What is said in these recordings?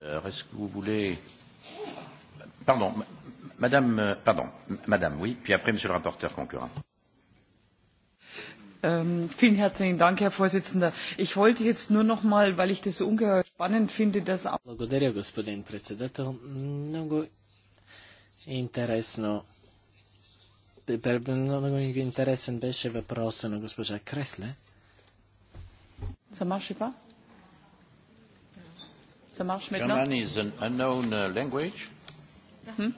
Est-ce que vous voulez... Pardon, madame, pardon, madame, oui, puis après, monsieur le rapporteur concurrent. Vielen herzlichen Dank, Herr Vorsitzender. Ich wollte jetzt nur noch mal, weil ich das so ungeheuer spannend finde, dass... Благодаря, господин председател. Много интересно. Много интересен беше на госпожа Кресле. Ça marche maintenant German is an unknown uh, language. Hm?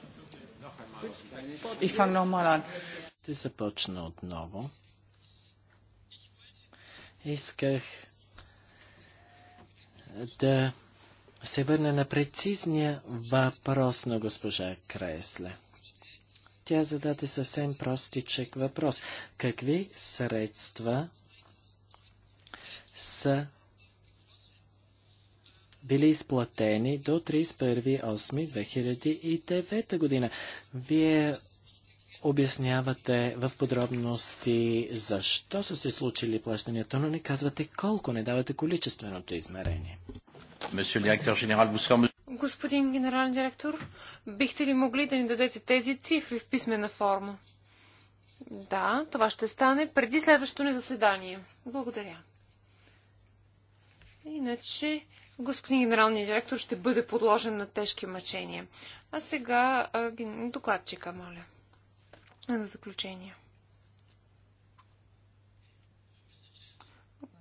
Ich fange nochmal an. Ще започна отново. Исках да се върна на прецизния въпрос на госпожа Кресле. Тя зададе съвсем простичък въпрос. Какви средства са били изплатени до 31.8.2009 година. Вие обяснявате в подробности защо са се случили плащанията, но не казвате колко, не давате количественото измерение. Господин генерален директор, бихте ли могли да ни дадете тези цифри в писмена форма? Да, това ще стане преди следващото ни заседание. Благодаря. Иначе господин генералният директор ще бъде подложен на тежки мъчения. А сега докладчика, моля, за заключение.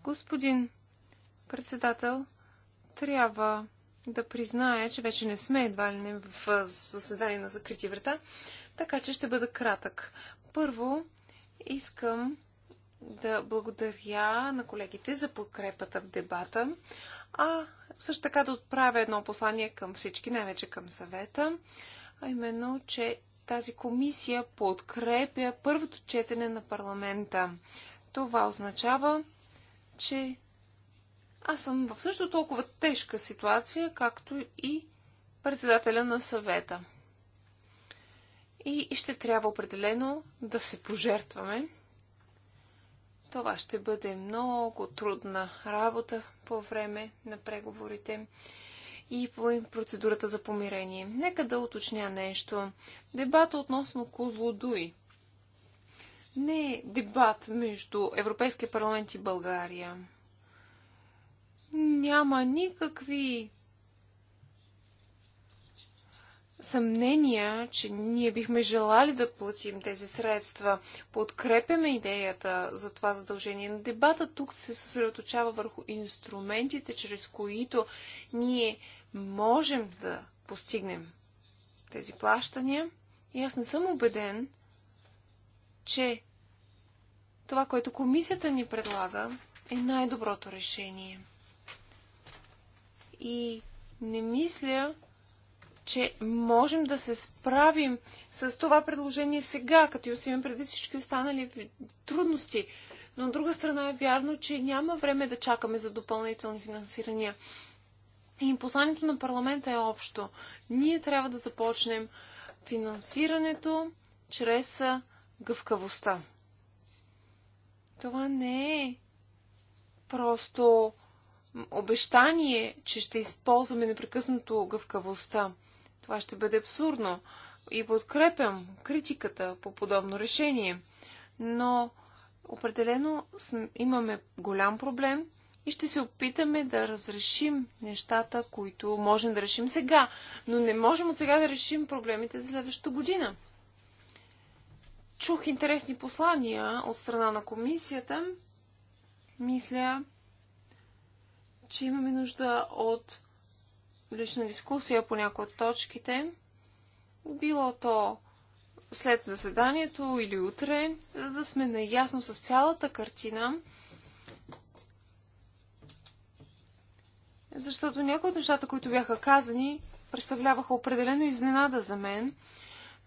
Господин председател, трябва да призная, че вече не сме едва ли не в заседание на закрити врата, така че ще бъда кратък. Първо, искам да благодаря на колегите за подкрепата в дебата а също така да отправя едно послание към всички, най-вече към съвета, а именно, че тази комисия подкрепя първото четене на парламента. Това означава, че аз съм в също толкова тежка ситуация, както и председателя на съвета. И ще трябва определено да се пожертваме това ще бъде много трудна работа по време на преговорите и по процедурата за помирение. Нека да уточня нещо. Дебата относно Козлодуй не е дебат между Европейския парламент и България. Няма никакви съмнения, че ние бихме желали да платим тези средства. Подкрепяме идеята за това задължение. Но дебата тук се съсредоточава върху инструментите, чрез които ние можем да постигнем тези плащания. И аз не съм убеден, че това, което комисията ни предлага, е най-доброто решение. И не мисля, че можем да се справим с това предложение сега, като и усилим преди всички останали трудности. Но от друга страна е вярно, че няма време да чакаме за допълнителни финансирания. И посланието на парламента е общо. Ние трябва да започнем финансирането чрез гъвкавостта. Това не е просто обещание, че ще използваме непрекъснато гъвкавостта. Това ще бъде абсурдно и подкрепям критиката по подобно решение. Но определено имаме голям проблем и ще се опитаме да разрешим нещата, които можем да решим сега. Но не можем от сега да решим проблемите за следващата година. Чух интересни послания от страна на комисията. Мисля, че имаме нужда от лична дискусия по някои от точките, било то след заседанието или утре, за да сме наясно с цялата картина, защото някои от нещата, които бяха казани, представляваха определено изненада за мен,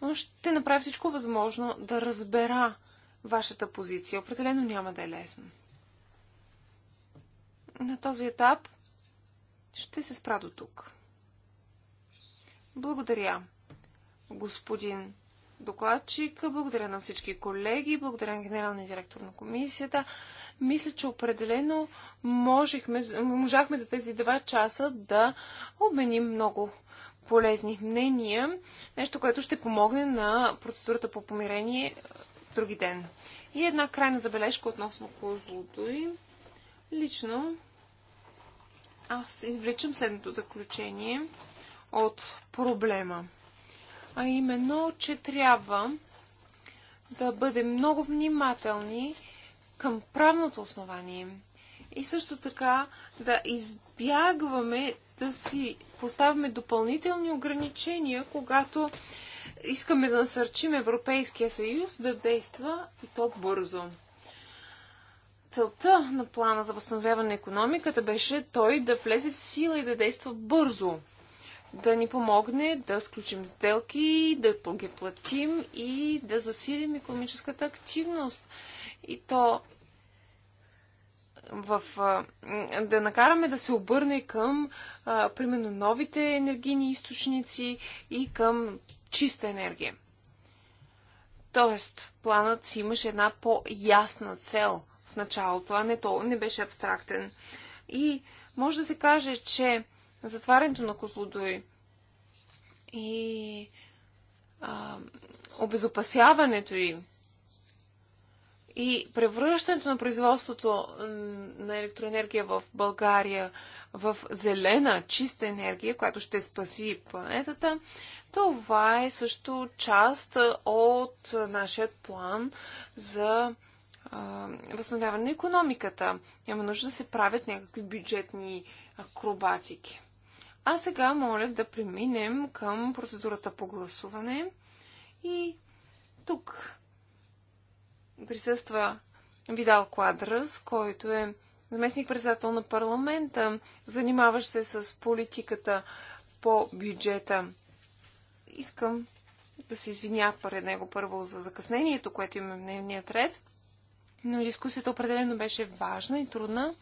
но ще направя всичко възможно да разбера вашата позиция. Определено няма да е лесно. На този етап ще се спра до тук. Благодаря, господин докладчик. Благодаря на всички колеги, благодаря на генералния директор на комисията. Мисля, че определено можехме, можахме за тези два часа да обменим много полезни мнения, нещо, което ще помогне на процедурата по помирение е, други ден. И една крайна забележка относно козлото и лично аз извличам следното заключение – от проблема. А именно, че трябва да бъдем много внимателни към правното основание и също така да избягваме да си поставяме допълнителни ограничения, когато искаме да насърчим Европейския съюз да действа и то бързо. Целта на плана за възстановяване на економиката беше той да влезе в сила и да действа бързо – да ни помогне да сключим сделки, да ги платим и да засилим економическата активност. И то в, да накараме да се обърне към, а, примерно, новите енергийни източници и към чиста енергия. Тоест, планът си имаше една по-ясна цел в началото, а не то не беше абстрактен. И може да се каже, че затварянето на Козлодой и а, обезопасяването им и превръщането на производството на електроенергия в България в зелена, чиста енергия, която ще спаси планетата, това е също част от нашия план за а, възстановяване на економиката. Няма нужда да се правят някакви бюджетни акробатики. А сега моля да преминем към процедурата по гласуване. И тук присъства Видал Квадрас, който е заместник-председател на парламента, занимаващ се с политиката по бюджета. Искам да се извиня пред него първо за закъснението, което имаме в дневният ред, но дискусията определено беше важна и трудна.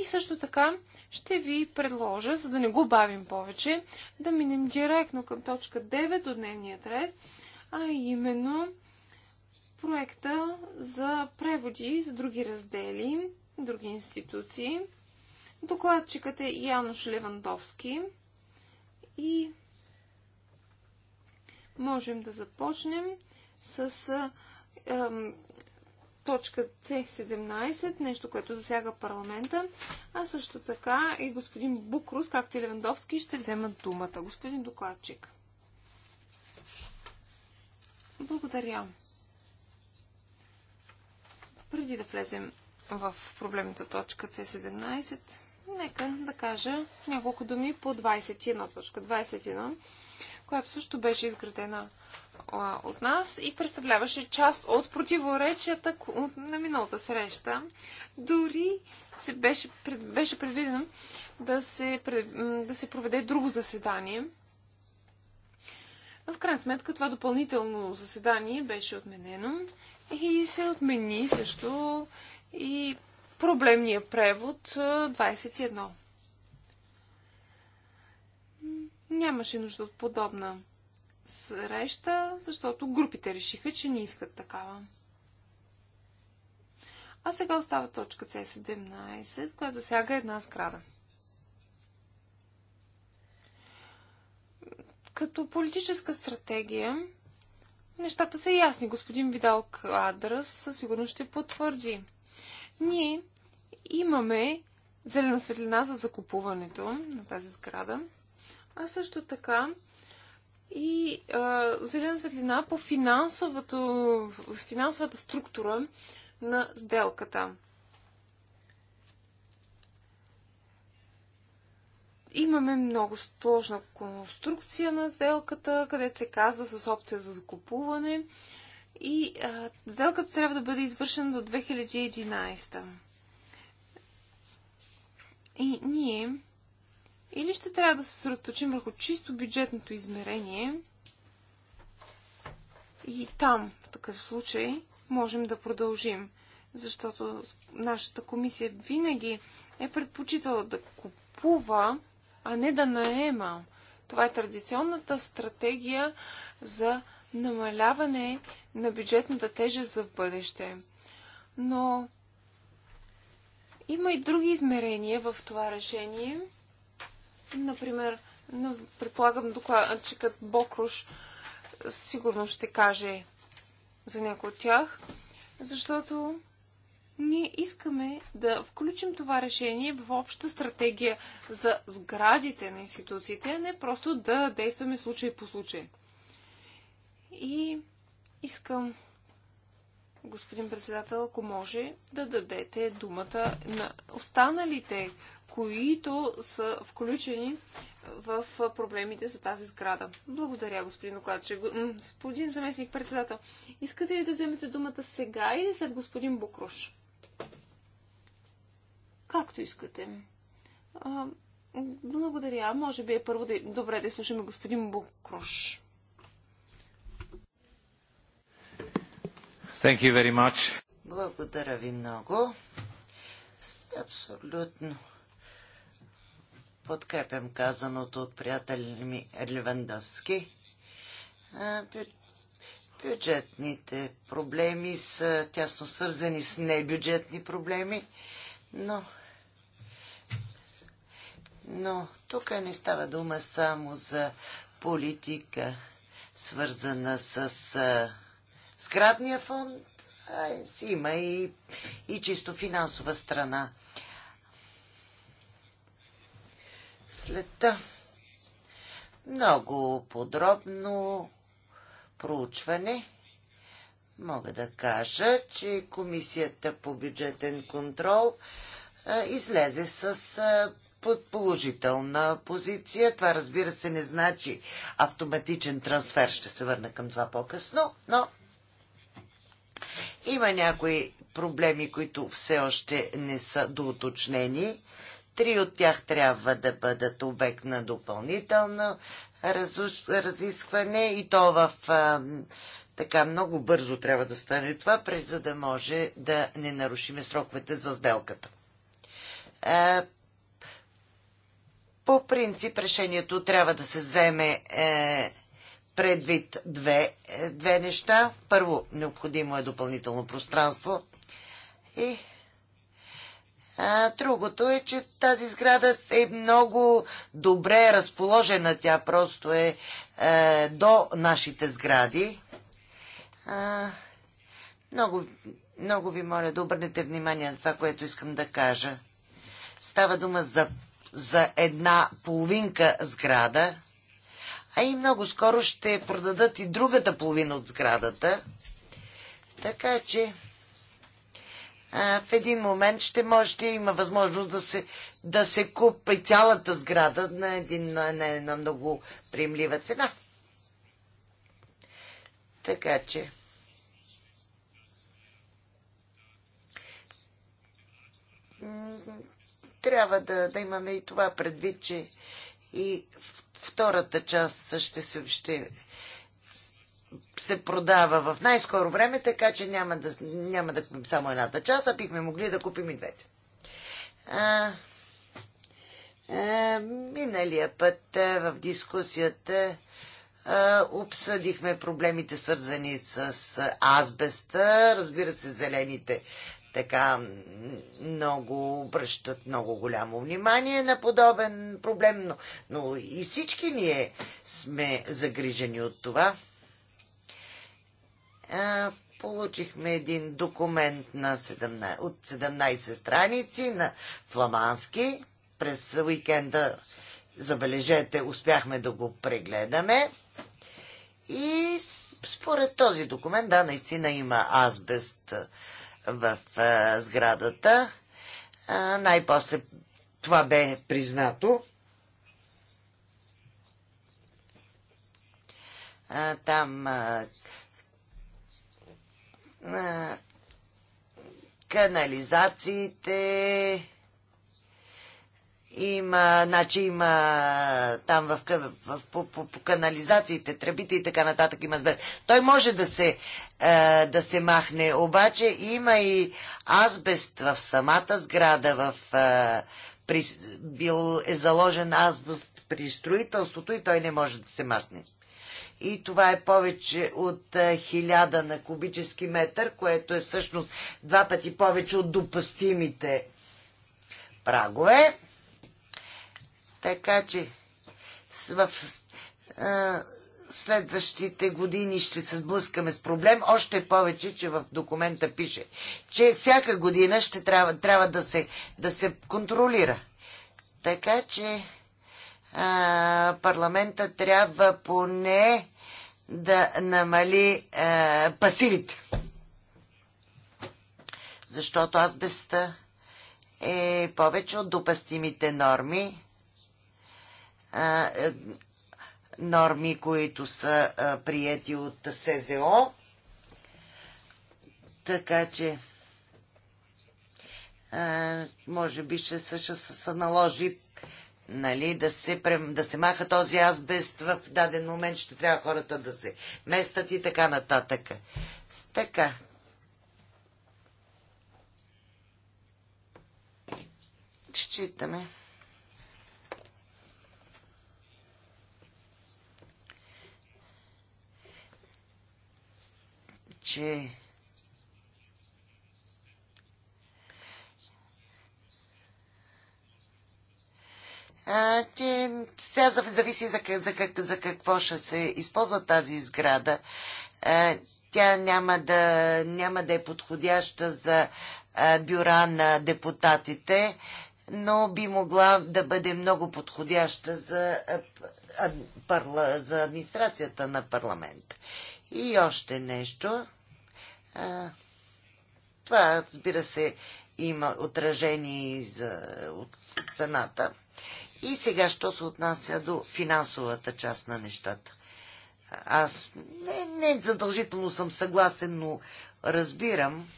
И също така ще ви предложа, за да не го бавим повече, да минем директно към точка 9 от дневния ред, а именно проекта за преводи за други раздели, други институции. Докладчикът е Янош Левандовски и можем да започнем с точка C17, нещо, което засяга парламента, а също така и господин Букрус, както и Левендовски, ще вземат думата. Господин докладчик. Благодаря. Преди да влезем в проблемната точка C17, нека да кажа няколко думи по 21 точка. 21, която също беше изградена от нас и представляваше част от противоречията на миналата среща. Дори се беше, беше предвидено да се, да се проведе друго заседание. В крайна сметка това допълнително заседание беше отменено и се отмени също и проблемния превод 21. Нямаше нужда от подобна среща, защото групите решиха, че не искат такава. А сега остава точка C17, която засяга една сграда. Като политическа стратегия, нещата са ясни. Господин Видал Кадрас със сигурност ще потвърди. Ние имаме зелена светлина за закупуването на тази сграда, а също така и а, зелена светлина по финансовата структура на сделката. Имаме много сложна конструкция на сделката, където се казва с опция за закупуване и а, сделката трябва да бъде извършена до 2011. И ние или ще трябва да се съсредоточим върху чисто бюджетното измерение и там, в такъв случай, можем да продължим. Защото нашата комисия винаги е предпочитала да купува, а не да наема. Това е традиционната стратегия за намаляване на бюджетната тежест за в бъдеще. Но има и други измерения в това решение – Например, предполагам докладчикът Бокруш сигурно ще каже за някой от тях, защото ние искаме да включим това решение в обща стратегия за сградите на институциите, а не просто да действаме случай по случай. И искам, господин председател, ако може, да дадете думата на останалите които са включени в проблемите за тази сграда. Благодаря, господин докладчик. Господин заместник председател, искате ли да вземете думата сега или след господин Букруш? Както искате. А, благодаря. Може би е първо да... добре да слушаме господин Букруш. Thank you very much. Благодаря ви много. Абсолютно Подкрепям казаното от приятели ми Левандовски. Бюджетните проблеми са тясно свързани с небюджетни проблеми, но но тук не става дума само за политика, свързана с сградния фонд, а си има и, и чисто финансова страна. След много подробно проучване мога да кажа, че Комисията по бюджетен контрол излезе с положителна позиция. Това разбира се не значи автоматичен трансфер. Ще се върна към това по-късно, но има някои проблеми, които все още не са доуточнени. Три от тях трябва да бъдат обект на допълнително разискване и то в а, така много бързо трябва да стане това, през за да може да не нарушиме сроковете за сделката. А, по принцип решението трябва да се вземе е, предвид две, е, две неща. Първо, необходимо е допълнително пространство и а, другото е, че тази сграда е много добре разположена. Тя просто е, е до нашите сгради. А, много, много ви моля да обърнете внимание на това, което искам да кажа. Става дума за, за една половинка сграда, а и много скоро ще продадат и другата половина от сградата. Така че в един момент ще може да има възможност да се, да се купи цялата сграда на, един, на, на, на много приемлива цена. Така че. Трябва да, да имаме и това предвид, че и втората част ще, се, ще се продава в най-скоро време, така че няма да, няма да купим само едната част, а бихме могли да купим и двете. А, а, миналия път а, в дискусията а, обсъдихме проблемите свързани с, азбеста. Разбира се, зелените така много обръщат много голямо внимание на подобен проблем, но, но и всички ние сме загрижени от това получихме един документ на 17, от 17 страници на фламански. През уикенда, забележете, успяхме да го прегледаме. И според този документ, да, наистина има азбест в а, сградата. най-после това бе признато. А, там а, на канализациите. Има, значи има там в, в, по, по, по канализациите, тръбите и така нататък има азбест. Той може да се, е, да се махне, обаче има и азбест в самата сграда, в, е, при, бил е заложен азбест при строителството и той не може да се махне и това е повече от 1000 на кубически метър, което е всъщност два пъти повече от допустимите прагове. Така че в а, следващите години ще се сблъскаме с проблем. Още повече, че в документа пише, че всяка година ще трябва, трябва да, се, да се контролира. Така че парламента трябва поне да намали пасивите. Защото азбеста е повече от допастимите норми е, норми, които са а, прияти от СЗО. Така че а, може би ще се наложи нали, да, се, да се маха този азбест в даден момент, ще трябва хората да се местат и така нататък. Така. Считаме. че сега зависи за, за, за, за какво ще се използва тази сграда. Е, тя няма да, няма да е подходяща за е, бюра на депутатите, но би могла да бъде много подходяща за, е, за администрацията на парламент. И още нещо. Това, разбира се, има отражение за от цената. И сега, що се отнася до финансовата част на нещата. Аз не, не задължително съм съгласен, но разбирам,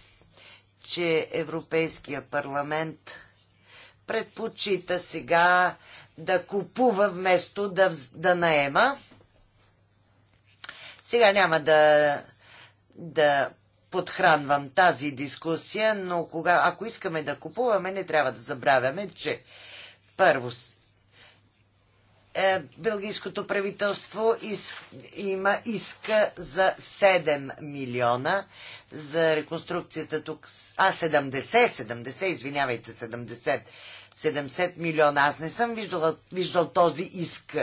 че Европейския парламент предпочита сега да купува вместо да, да наема. Сега няма да, да подхранвам тази дискусия, но кога, ако искаме да купуваме, не трябва да забравяме, че първо е, белгийското правителство има иска за 7 милиона за реконструкцията тук. А, 70, 70, извинявайте, 70. 70 милиона. Аз не съм виждала, виждал този иск.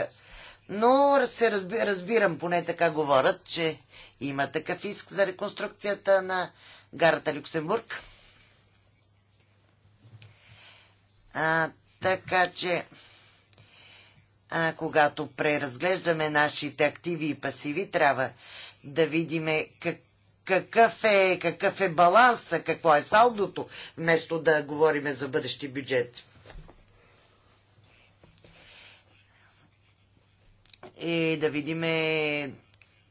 Но се разби, разбирам, поне така говорят, че има такъв иск за реконструкцията на гарата Люксембург. А, така че а, когато преразглеждаме нашите активи и пасиви, трябва да видим как, какъв, е, какъв е баланса, какво е салдото, вместо да говорим за бъдещи бюджет. И да видим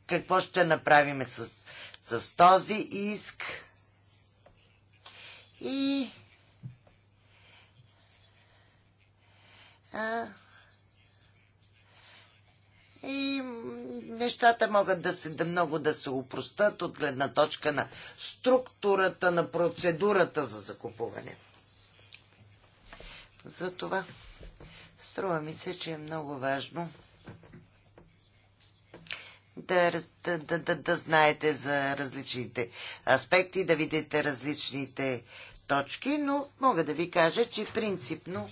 какво ще направим с, с този иск. И... А, и нещата могат да се да много да се упростат от гледна точка на структурата, на процедурата за закупуване. Затова струва ми се, че е много важно да, да, да, да, да знаете за различните аспекти, да видите различните точки, но мога да ви кажа, че принципно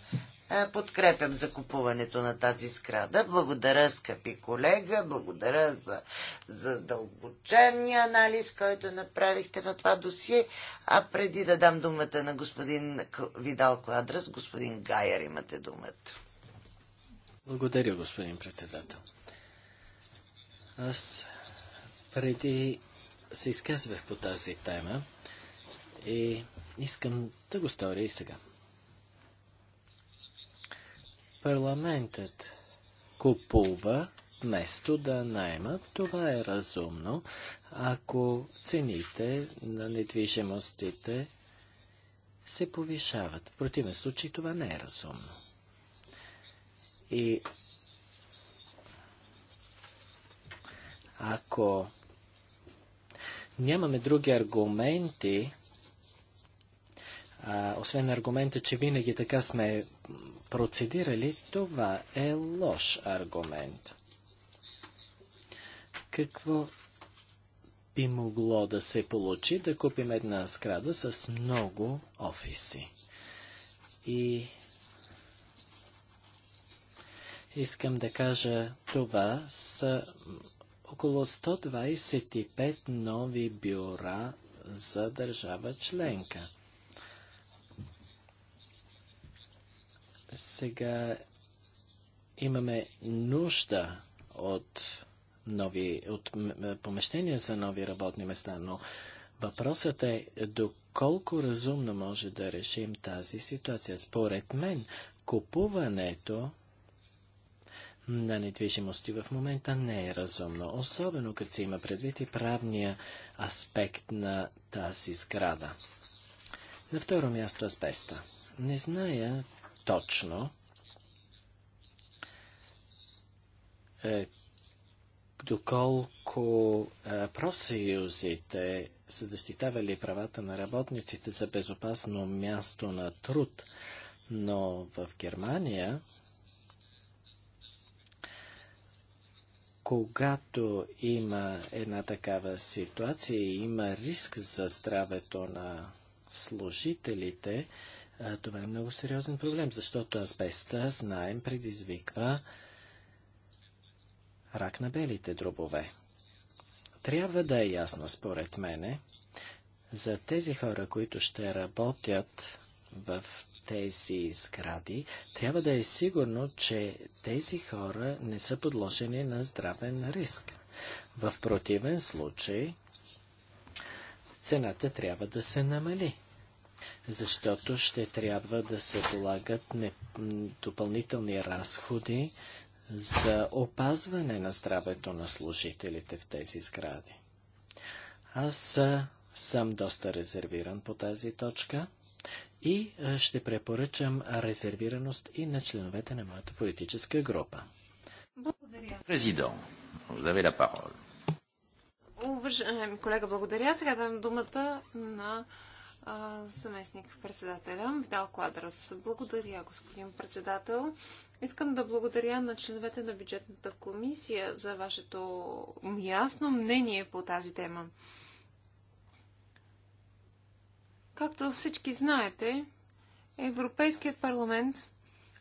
е, подкрепям закупуването на тази сграда. Благодаря, скъпи колега, благодаря за, за дълбочения анализ, който направихте на това досие. А преди да дам думата на господин Видал Квадрас, господин Гайер имате думата. Благодаря, господин председател. Аз преди се изказвах по тази тема и искам да го сторя и сега. Парламентът купува вместо да найма. Това е разумно, ако цените на недвижимостите се повишават. В противен случай това не е разумно. И ако нямаме други аргументи, а, освен аргумента, че винаги така сме процедирали, това е лош аргумент. Какво би могло да се получи да купим една сграда с много офиси? И искам да кажа, това са около 125 нови бюра за държава членка. Сега имаме нужда от нови, от помещения за нови работни места, но въпросът е доколко разумно може да решим тази ситуация. Според мен, купуването на недвижимости в момента не е разумно, особено като се има предвид и правния аспект на тази сграда. На второ място аспеста. Не зная точно е, доколко е, профсъюзите са защитавали правата на работниците за безопасно място на труд, но в Германия, когато има една такава ситуация и има риск за здравето на служителите, това е много сериозен проблем, защото азбеста, знаем, предизвиква рак на белите дробове. Трябва да е ясно, според мене, за тези хора, които ще работят в тези сгради, трябва да е сигурно, че тези хора не са подложени на здравен риск. В противен случай, цената трябва да се намали защото ще трябва да се полагат допълнителни разходи за опазване на здравето на служителите в тези сгради. Аз съм доста резервиран по тази точка и ще препоръчам резервираност и на членовете на моята политическа група. Благодаря. Президент, vous la Уважаеми колега, благодаря. Сега давам думата на Съместник председателя Видал Квадрас. Благодаря, господин председател. Искам да благодаря на членовете на бюджетната комисия за вашето ясно мнение по тази тема. Както всички знаете, Европейският парламент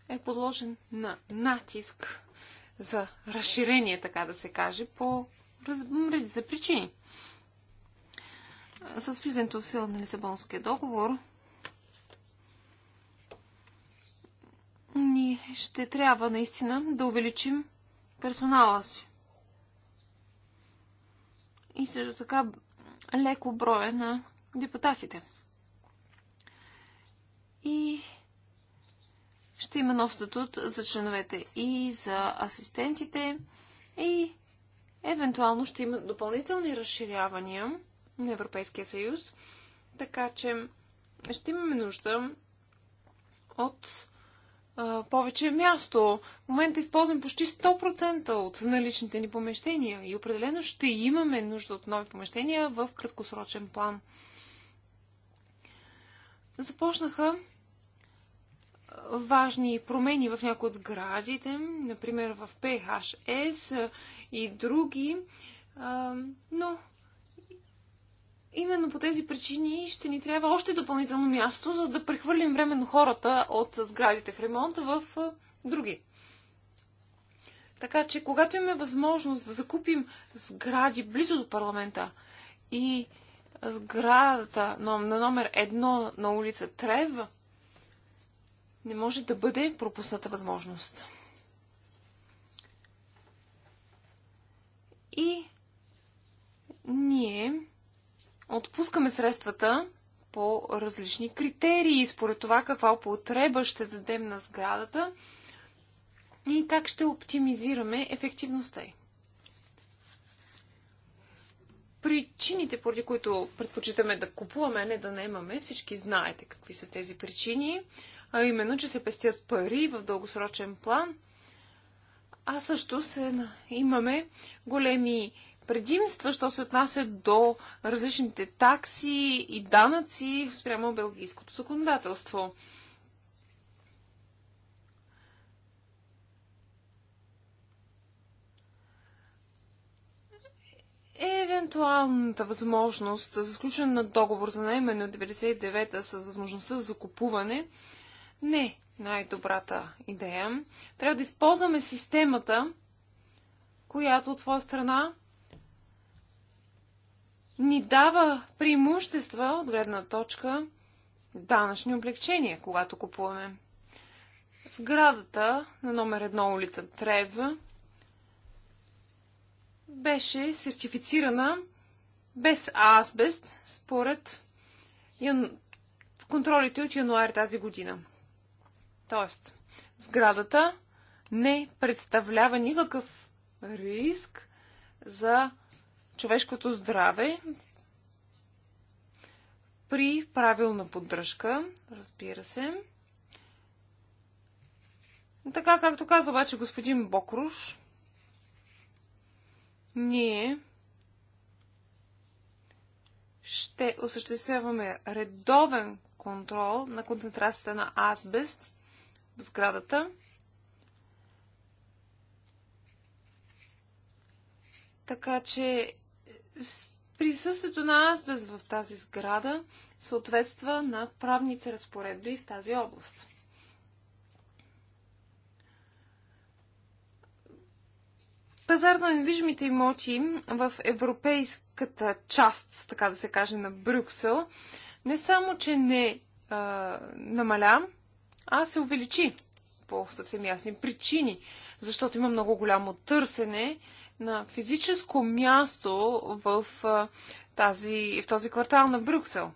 е подложен на натиск за разширение, така да се каже, по за причини с влизането в сила на Лисабонския договор, Ни ще трябва наистина да увеличим персонала си. И също така леко броя на депутатите. И ще има нов статут за членовете и за асистентите и евентуално ще има допълнителни разширявания на Европейския съюз. Така че ще имаме нужда от а, повече място. В момента използвам почти 100% от наличните ни помещения и определено ще имаме нужда от нови помещения в краткосрочен план. Започнаха важни промени в някои от сградите, например в PHS и други, но именно по тези причини ще ни трябва още допълнително място, за да прехвърлим временно хората от сградите в ремонт в други. Така че, когато имаме възможност да закупим сгради близо до парламента и сградата на номер едно на улица Трев, не може да бъде пропусната възможност. И ние отпускаме средствата по различни критерии, според това каква употреба ще дадем на сградата и как ще оптимизираме ефективността й. Причините, поради които предпочитаме да купуваме, а не да наемаме, всички знаете какви са тези причини, а именно, че се пестят пари в дългосрочен план, а също се, имаме големи предимства, що се отнася до различните такси и данъци спрямо белгийското законодателство. евентуалната възможност за сключване на договор за наемане от 99-та с възможността за закупуване не е най-добрата идея. Трябва да използваме системата, която от своя страна ни дава преимущества от гледна точка данъчни облегчения, когато купуваме. Сградата на номер едно улица Трев беше сертифицирана без азбест според контролите от януари тази година. Тоест, сградата не представлява никакъв риск за човешкото здраве при правилна поддръжка, разбира се. Така, както каза обаче господин Бокруш, ние ще осъществяваме редовен контрол на концентрацията на азбест в сградата. Така че присъствието на азбест в тази сграда съответства на правните разпоредби в тази област. Пазар на недвижимите имоти в европейската част, така да се каже, на Брюксел, не само, че не а, намаля, а се увеличи по съвсем ясни причини, защото има много голямо търсене на физическо място в, тази, в този квартал на Брюксел.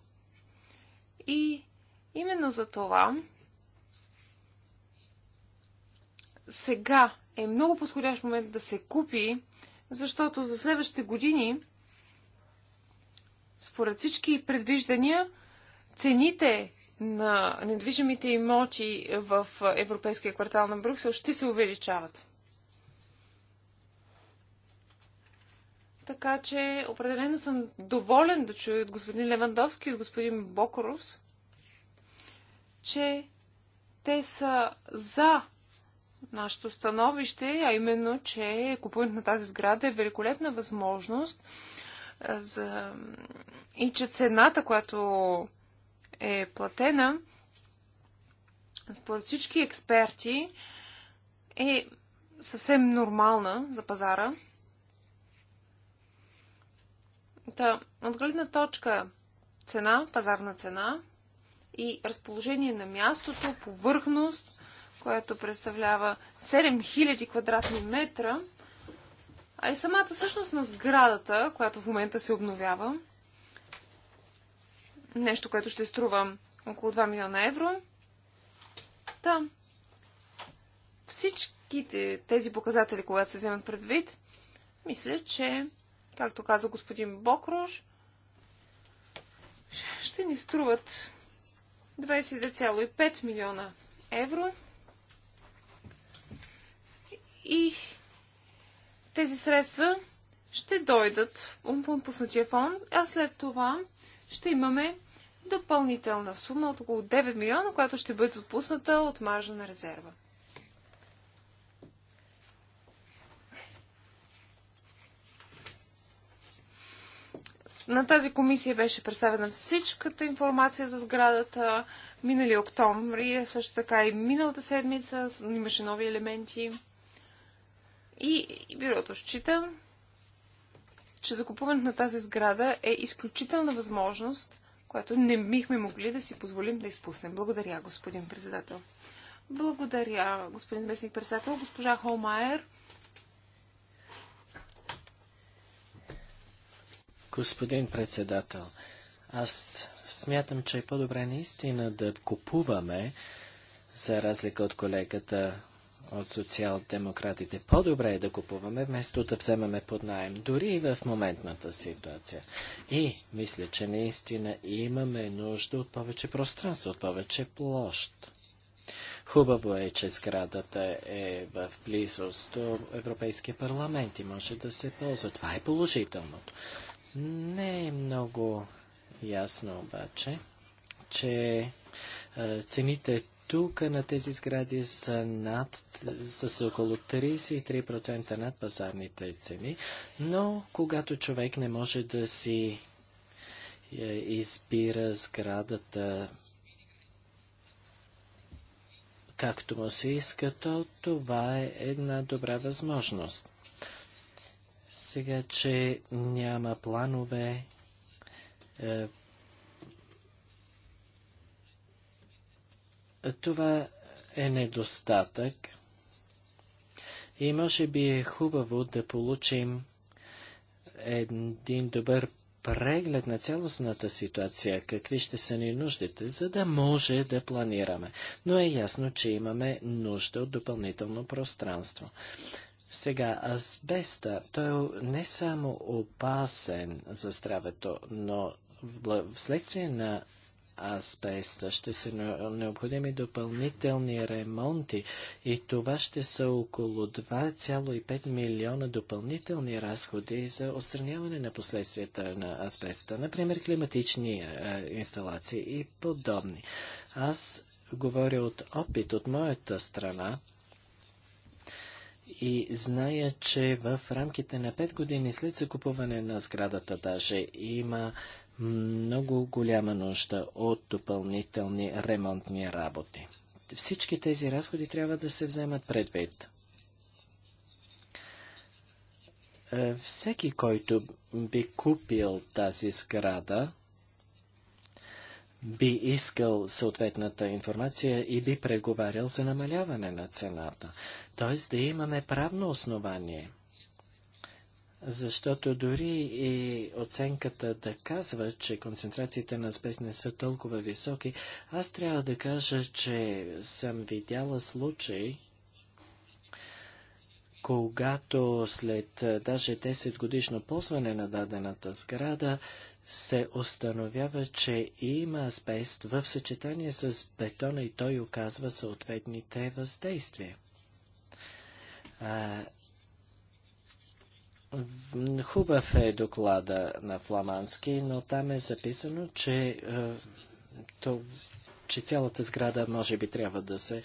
И именно за това сега е много подходящ момент да се купи, защото за следващите години, според всички предвиждания, цените на недвижимите имоти в Европейския квартал на Брюксел ще се увеличават. Така че определено съм доволен да чуя от господин Левандовски и от господин Бокоров, че те са за нашето становище, а именно, че купуването на тази сграда е великолепна възможност за... и че цената, която е платена, според всички експерти, е съвсем нормална за пазара. Та, от гледна точка цена, пазарна цена и разположение на мястото, повърхност, което представлява 7000 квадратни метра, а и самата същност на сградата, която в момента се обновява, нещо, което ще струва около 2 милиона евро. Та, да. всичките тези показатели, когато се вземат предвид, мисля, че както каза господин Бокруш, ще ни струват 22,5 милиона евро и тези средства ще дойдат в пуснатия фон, а след това ще имаме допълнителна сума от около 9 милиона, която ще бъде отпусната от маржа на резерва. На тази комисия беше представена всичката информация за сградата. Минали октомври, също така и миналата седмица имаше нови елементи. И, и бюрото счита, че закупуването на тази сграда е изключителна възможност, която не бихме могли да си позволим да изпуснем. Благодаря, господин председател. Благодаря, господин заместник председател. Госпожа Холмайер. Господин председател, аз смятам, че е по-добре наистина да купуваме, за разлика от колегата от социал-демократите. По-добре е да купуваме, вместо да вземаме под найем, дори и в моментната ситуация. И мисля, че наистина имаме нужда от повече пространство, от повече площ. Хубаво е, че сградата е в близост до Европейския парламент и може да се ползва. Това е положителното. Не е много ясно обаче, че е, цените тук на тези сгради са, над, са с около 33% над пазарните цени, но когато човек не може да си е, избира сградата както му се иска, то това е една добра възможност. Сега, че няма планове, е, това е недостатък и може би е хубаво да получим един добър преглед на цялостната ситуация, какви ще са ни нуждите, за да може да планираме. Но е ясно, че имаме нужда от допълнително пространство. Сега, азбеста, той е не само опасен за здравето, но вследствие на азбеста ще са необходими допълнителни ремонти и това ще са около 2,5 милиона допълнителни разходи за отстраняване на последствията на азбеста, например климатични е, инсталации и подобни. Аз говоря от опит от моята страна, и зная, че в рамките на 5 години след закупуване на сградата даже има много голяма нужда от допълнителни ремонтни работи. Всички тези разходи трябва да се вземат предвид. Е, всеки, който би купил тази сграда, би искал съответната информация и би преговарял за намаляване на цената. Т.е. да имаме правно основание. Защото дори и оценката да казва, че концентрациите на азбест не са толкова високи, аз трябва да кажа, че съм видяла случай, когато след даже 10 годишно ползване на дадената сграда се установява, че има асбест в съчетание с бетона и той оказва съответните въздействия. А, хубав е доклада на Фламандски, но там е записано, че, а, то, че цялата сграда може би трябва да се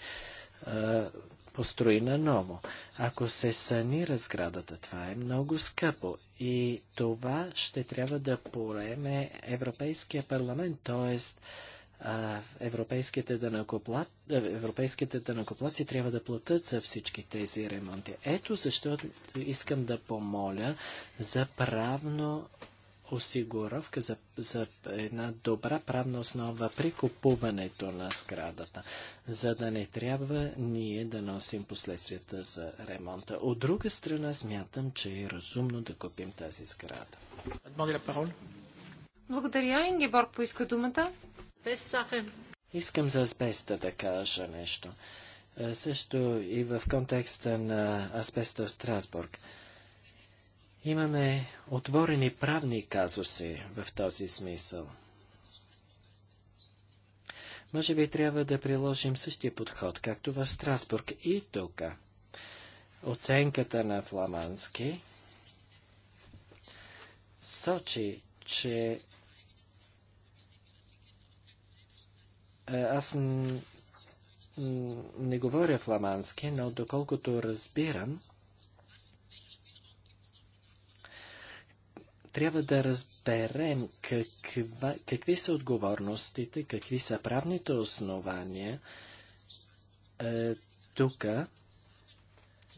а, построи наново. Ако се санира сградата, това е много скъпо и това ще трябва да поеме Европейския парламент, т.е. Европейските данакоплаци, европейските данакоплаци трябва да платят за всички тези ремонти. Ето защо искам да помоля за правно осигуровка за, за една добра правна основа при купуването на сградата, за да не трябва ние да носим последствията за ремонта. От друга страна, смятам, че е разумно да купим тази сграда. Е Благодаря. Ингеборг поиска думата. Искам за азбеста да кажа нещо. Е, също и в контекста на азбеста в Страсбург. Имаме отворени правни казуси в този смисъл. Може би трябва да приложим същия подход, както в Страсбург и тук. Оценката на Фламански сочи, че е, аз не говоря фламандски, но доколкото разбирам, трябва да разберем каква, какви са отговорностите, какви са правните основания. Е, Тук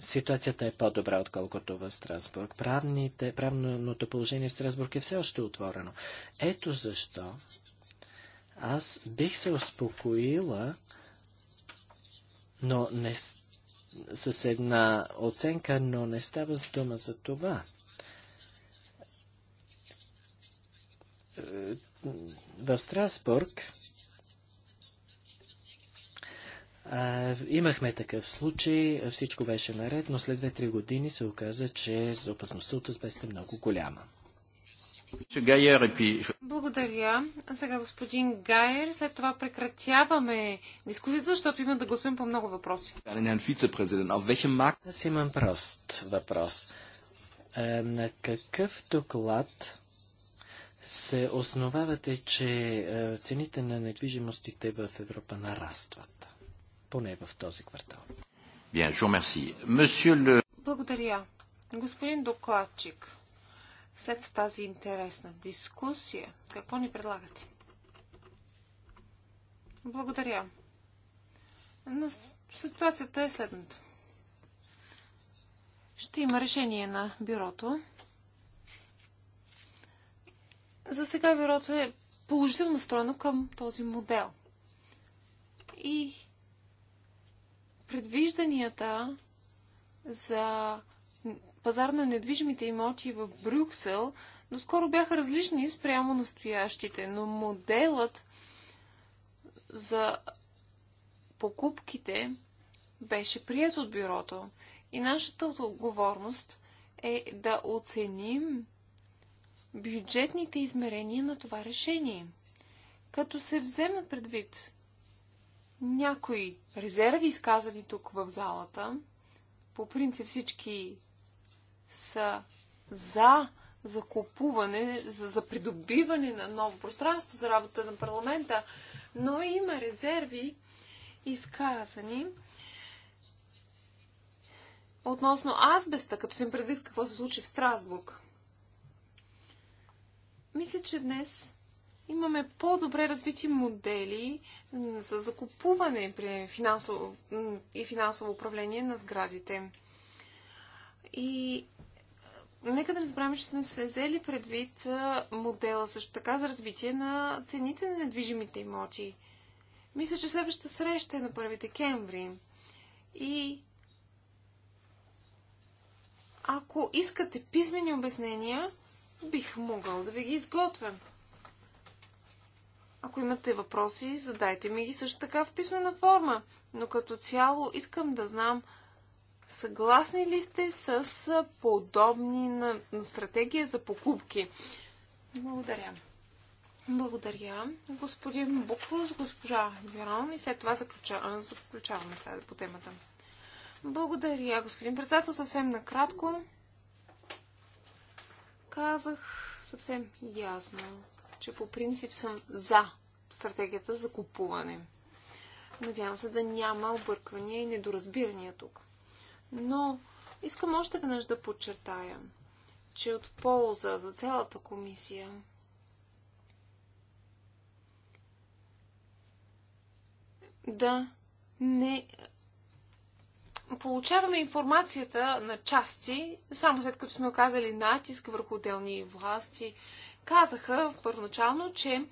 ситуацията е по-добра, отколкото в Страсбург. Правните, правното положение в Страсбург е все още отворено. Ето защо аз бих се успокоила, но не, с една оценка, но не става с дума за това. Е, в Страсбург а, имахме такъв случай, всичко беше наред, но след 2-3 години се оказа, че опасността от азбест е много голяма. Благодаря. Сега господин Гайер, след това прекратяваме дискусията, защото има да гласуваме по много въпроси. Аз имам прост въпрос. Е, на какъв доклад се основавате, че е, цените на недвижимостите в Европа нарастват. Поне в този квартал. Благодаря. Господин докладчик, след тази интересна дискусия, какво ни предлагате? Благодаря. Но ситуацията е следната. Ще има решение на бюрото за сега бюрото е положително настроено към този модел. И предвижданията за пазар на недвижимите имоти в Брюксел но скоро бяха различни спрямо настоящите, но моделът за покупките беше прият от бюрото. И нашата отговорност е да оценим бюджетните измерения на това решение. Като се вземат предвид някои резерви, изказани тук в залата, по принцип всички са за закупуване, за, за придобиване на ново пространство за работа на парламента, но има резерви, изказани относно азбеста, като се предвид какво се случи в Страсбург. Мисля, че днес имаме по-добре развити модели за закупуване при финансово, и финансово управление на сградите. И нека да не забравяме, че сме свезели предвид модела също така за развитие на цените на недвижимите имоти. Мисля, че следващата среща е на 1 декември. И ако искате писмени обяснения, бих могъл да ви ги изготвя. Ако имате въпроси, задайте ми ги също така в писмена форма. Но като цяло искам да знам, съгласни ли сте с подобни на, на стратегия за покупки? Благодаря. Благодаря. Господин Букрус, госпожа Верон и след това заключа, заключаваме след по темата. Благодаря, господин председател. Съвсем накратко. Казах съвсем ясно, че по принцип съм за стратегията за купуване. Надявам се да няма обърквания и недоразбирания тук. Но искам още веднъж да подчертая, че от полза за цялата комисия да не получаваме информацията на части, само след като сме оказали натиск върху отделни власти. Казаха първоначално, че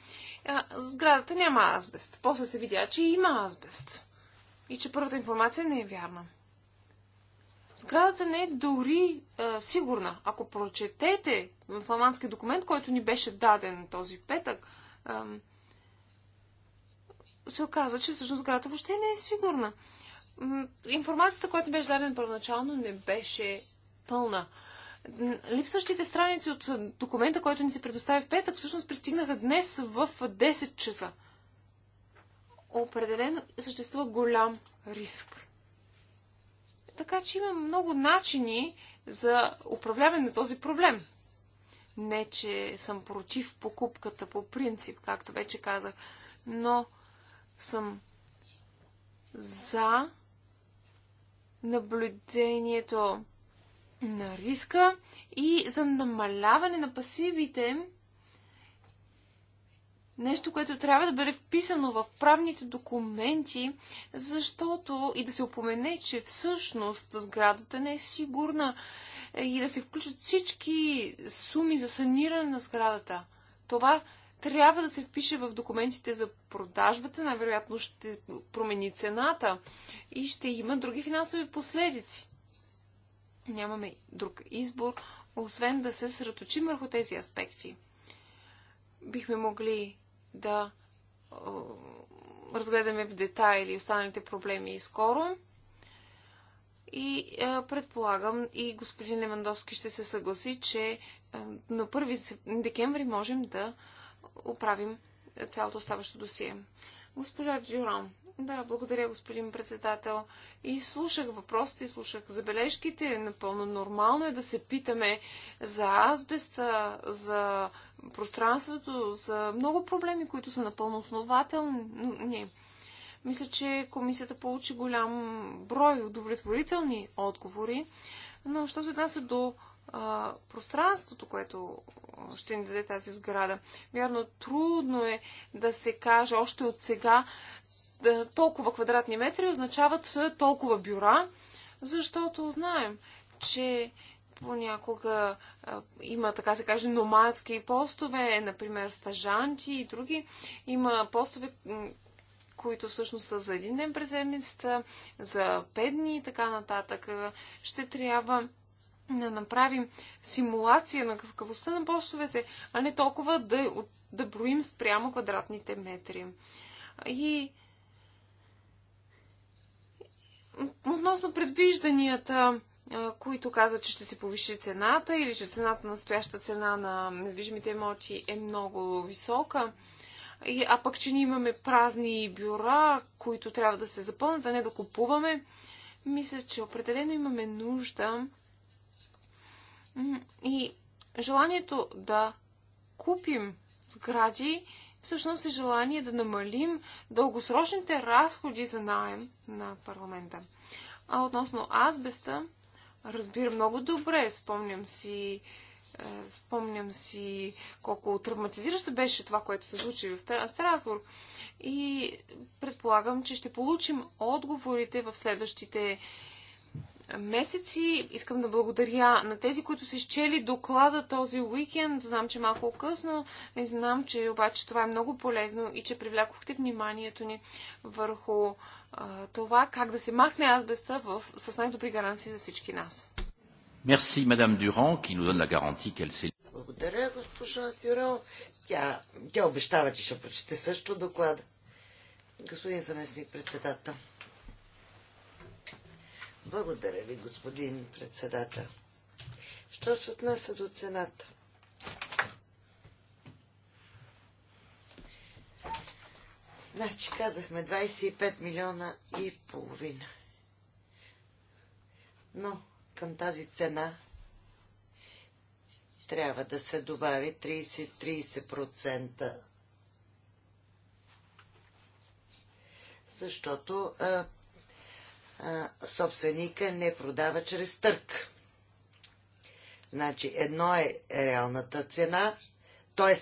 а, сградата няма азбест. После се видя, че има азбест. И че първата информация не е вярна. Сградата не е дори а, сигурна. Ако прочетете фламандски документ, който ни беше даден този петък, а, се оказа, че всъщност сградата въобще не е сигурна информацията, която беше дадена първоначално, не беше пълна. Липсващите страници от документа, който ни се предостави в петък, всъщност пристигнаха днес в 10 часа. Определено съществува голям риск. Така че има много начини за управляване на този проблем. Не, че съм против покупката по принцип, както вече казах, но съм за наблюдението на риска и за намаляване на пасивите. Нещо, което трябва да бъде вписано в правните документи, защото и да се упомене, че всъщност сградата не е сигурна и да се включат всички суми за саниране на сградата. Това трябва да се впише в документите за продажбата, най-вероятно ще промени цената и ще има други финансови последици. Нямаме друг избор, освен да се сръточим върху тези аспекти. Бихме могли да разгледаме в детайли останалите проблеми и скоро. И предполагам, и господин Левандовски ще се съгласи, че на 1 декември можем да оправим цялото оставащо досие. Госпожа Дюран. Да, благодаря, господин председател. И слушах въпросите, слушах забележките. Напълно нормално е да се питаме за азбеста, за пространството, за много проблеми, които са напълно основателни. Мисля, че комисията получи голям брой удовлетворителни отговори, но що се отнася до а, пространството, което ще ни даде тази сграда. Вярно, трудно е да се каже още от сега е, толкова квадратни метри означават е, толкова бюра, защото знаем, че понякога а, е, има, така се каже, номадски постове, например стажанти и други. Има постове, които всъщност са за един ден през за пет дни и така нататък. Ще трябва да направим симулация на гъвкавостта на босовете, а не толкова да, да броим спрямо квадратните метри. И относно предвижданията, които казват, че ще се повиши цената или че цената, настояща цена на недвижимите имоти е много висока, а пък, че ние имаме празни бюра, които трябва да се запълнят, а не да купуваме, мисля, че определено имаме нужда и желанието да купим сгради всъщност е желание да намалим дългосрочните разходи за найем на парламента. А относно азбеста, разбира много добре, спомням си е, спомням си колко травматизиращо беше това, което се случи в Страсбург. И предполагам, че ще получим отговорите в следващите месеци. Искам да благодаря на тези, които са изчели доклада този уикенд. Знам, че е малко късно. Знам, че обаче това е много полезно и че привлякохте вниманието ни върху а, това как да се махне азбеста в, с най-добри гаранции за всички нас. Merci, Madame Durand, qui nous donne la garantie qu'elle s'est... Благодаря, госпожа Дюран. Тя, тя обещава, че ще прочете също доклада. Господин заместник председател. Благодаря ви, господин председател. Що се отнася до цената? Значи казахме 25 милиона и половина. Но към тази цена трябва да се добави 30-30%. Защото а, собственика не продава чрез търк. Значи едно е реалната цена, т.е.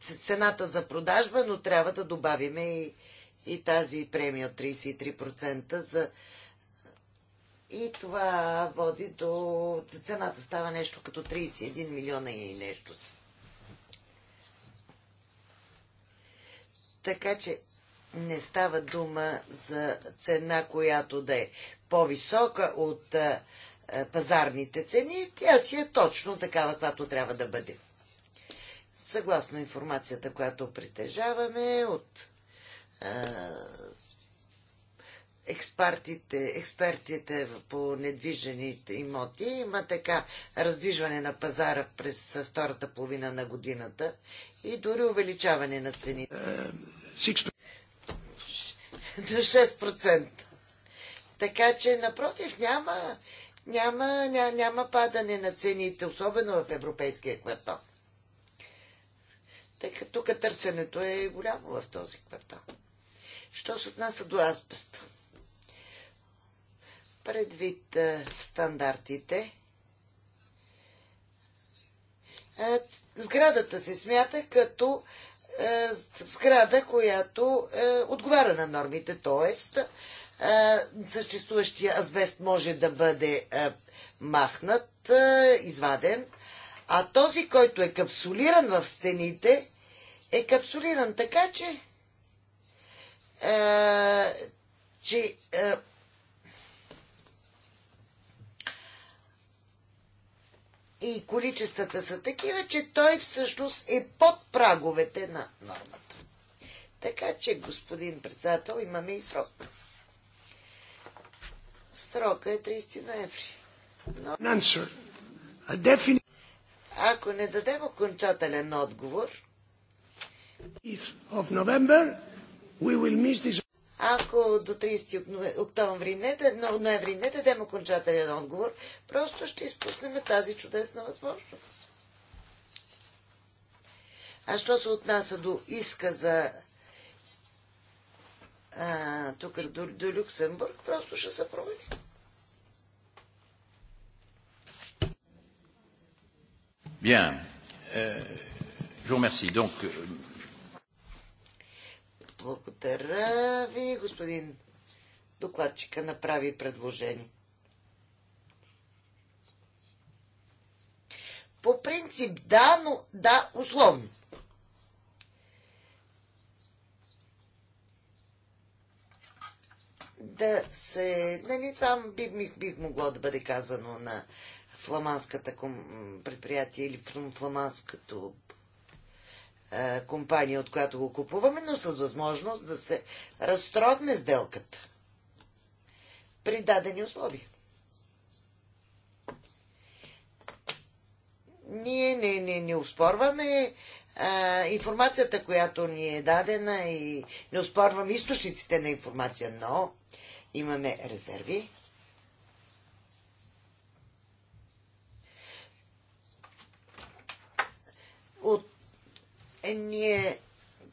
цената за продажба, но трябва да добавиме и, и тази премия от 33% за и това води до... Цената става нещо като 31 милиона и нещо Така че не става дума за цена, която да е по-висока от пазарните цени. Тя си е точно такава, която трябва да бъде. Съгласно информацията, която притежаваме от експертите, експертите по недвижените имоти. Има така раздвижване на пазара през втората половина на годината и дори увеличаване на цените. до 6%. Така че, напротив, няма, няма, няма падане на цените, особено в европейския квартал. Тъй като тук търсенето е голямо в този квартал. Що се отнася до азбеста? Предвид а, стандартите, а, сградата се смята като е, сграда, която е, отговаря на нормите, т.е. съществуващия азбест може да бъде е, махнат, изваден, а този, който е капсулиран в стените, е капсулиран така, че, че и количествата са такива, че той всъщност е под праговете на нормата. Така че, господин председател, имаме и срок. Срока е 30 ноември. Но... Ако не дадем окончателен отговор, If of November, we will miss this ако до 30 октомври не, но, ноември не дадем окончателен отговор, просто ще изпуснем тази чудесна възможност. А що се отнася до иска за а, тук до, до Люксембург, просто ще се провали. Bien. Euh, je vous remercie. Donc, euh, благодаря ви, господин докладчика направи предложение. По принцип да, но да, условно. Да се... Нали, това би, би, би могло да бъде казано на фламандската предприятие или фламандското е, компания, от която го купуваме, но с възможност да се разтрогне сделката при дадени условия. Ние не, не, не успорваме а, е, информацията, която ни е дадена и не успорваме източниците на информация, но имаме резерви. От ние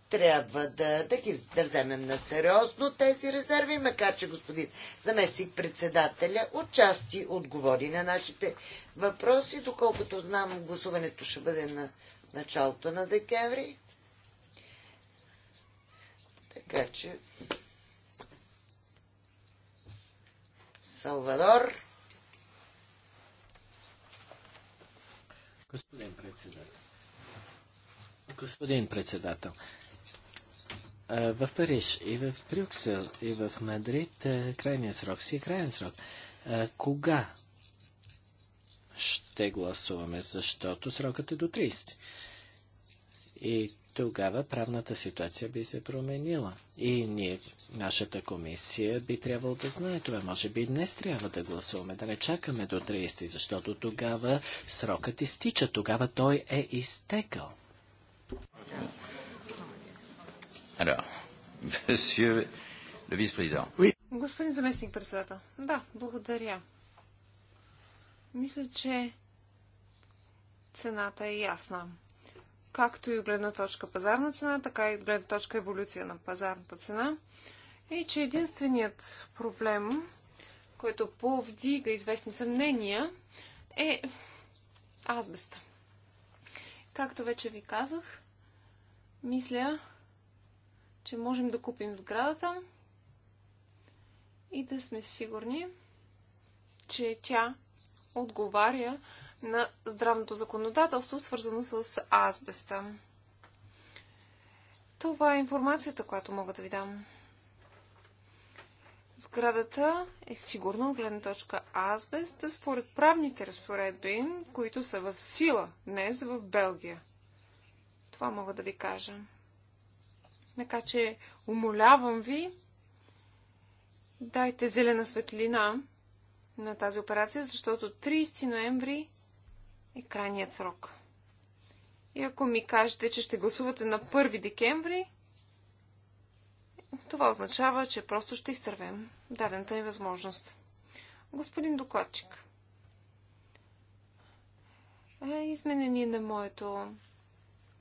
трябва да, да ги да вземем на сериозно тези резерви, макар че господин заместник председателя отчасти отговори на нашите въпроси. Доколкото знам, гласуването ще бъде на началото на декември. Така че Салвадор. Господин председател. Господин председател, в Париж и в Брюксел и в Мадрид крайният срок си е крайен срок. Кога ще гласуваме, защото срокът е до 30. И тогава правната ситуация би се променила. И ние, нашата комисия, би трябвало да знае това. Може би днес трябва да гласуваме, да не чакаме до 30, защото тогава срокът изтича, тогава той е изтекал. Alors, monsieur le vice-président. Oui. Господин заместник председател. Да, благодаря. Мисля, че цената е ясна. Както и от гледна точка пазарна цена, така и от гледна точка еволюция на пазарната цена. И че единственият проблем, който повдига известни съмнения, е азбеста. Както вече ви казах, мисля, че можем да купим сградата и да сме сигурни, че тя отговаря на здравното законодателство, свързано с азбеста. Това е информацията, която мога да ви дам. Сградата е сигурна от гледна точка азбест, да според правните разпоредби, които са в сила днес в Белгия. Това мога да ви кажа. Така че умолявам ви, дайте зелена светлина на тази операция, защото 30 ноември е крайният срок. И ако ми кажете, че ще гласувате на 1 декември, това означава, че просто ще изтървем дадената ни възможност. Господин докладчик, е, изменение на моето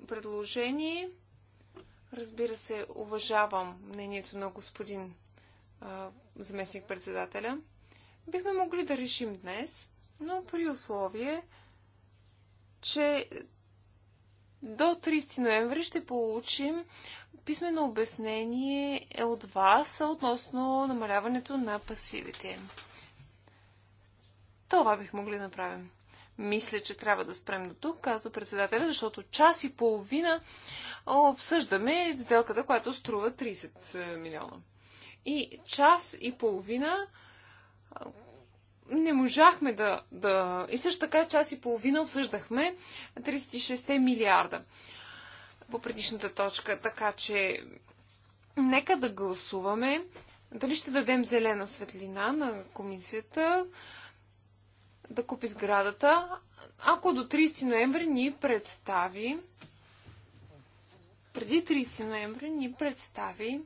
предложение. Разбира се, уважавам мнението на господин заместник-председателя. Бихме могли да решим днес, но при условие, че до 30 ноември ще получим писмено обяснение е от вас относно намаляването на пасивите. Това бих могли да направим. Мисля, че трябва да спрем до тук, казва председателя, защото час и половина обсъждаме сделката, която струва 30 е, милиона. И час и половина не можахме да, да... И също така час и половина обсъждахме 36 милиарда по предишната точка. Така че, нека да гласуваме. Дали ще дадем зелена светлина на комисията да купи сградата, ако до 30 ноември ни представи преди 30 ноември ни представи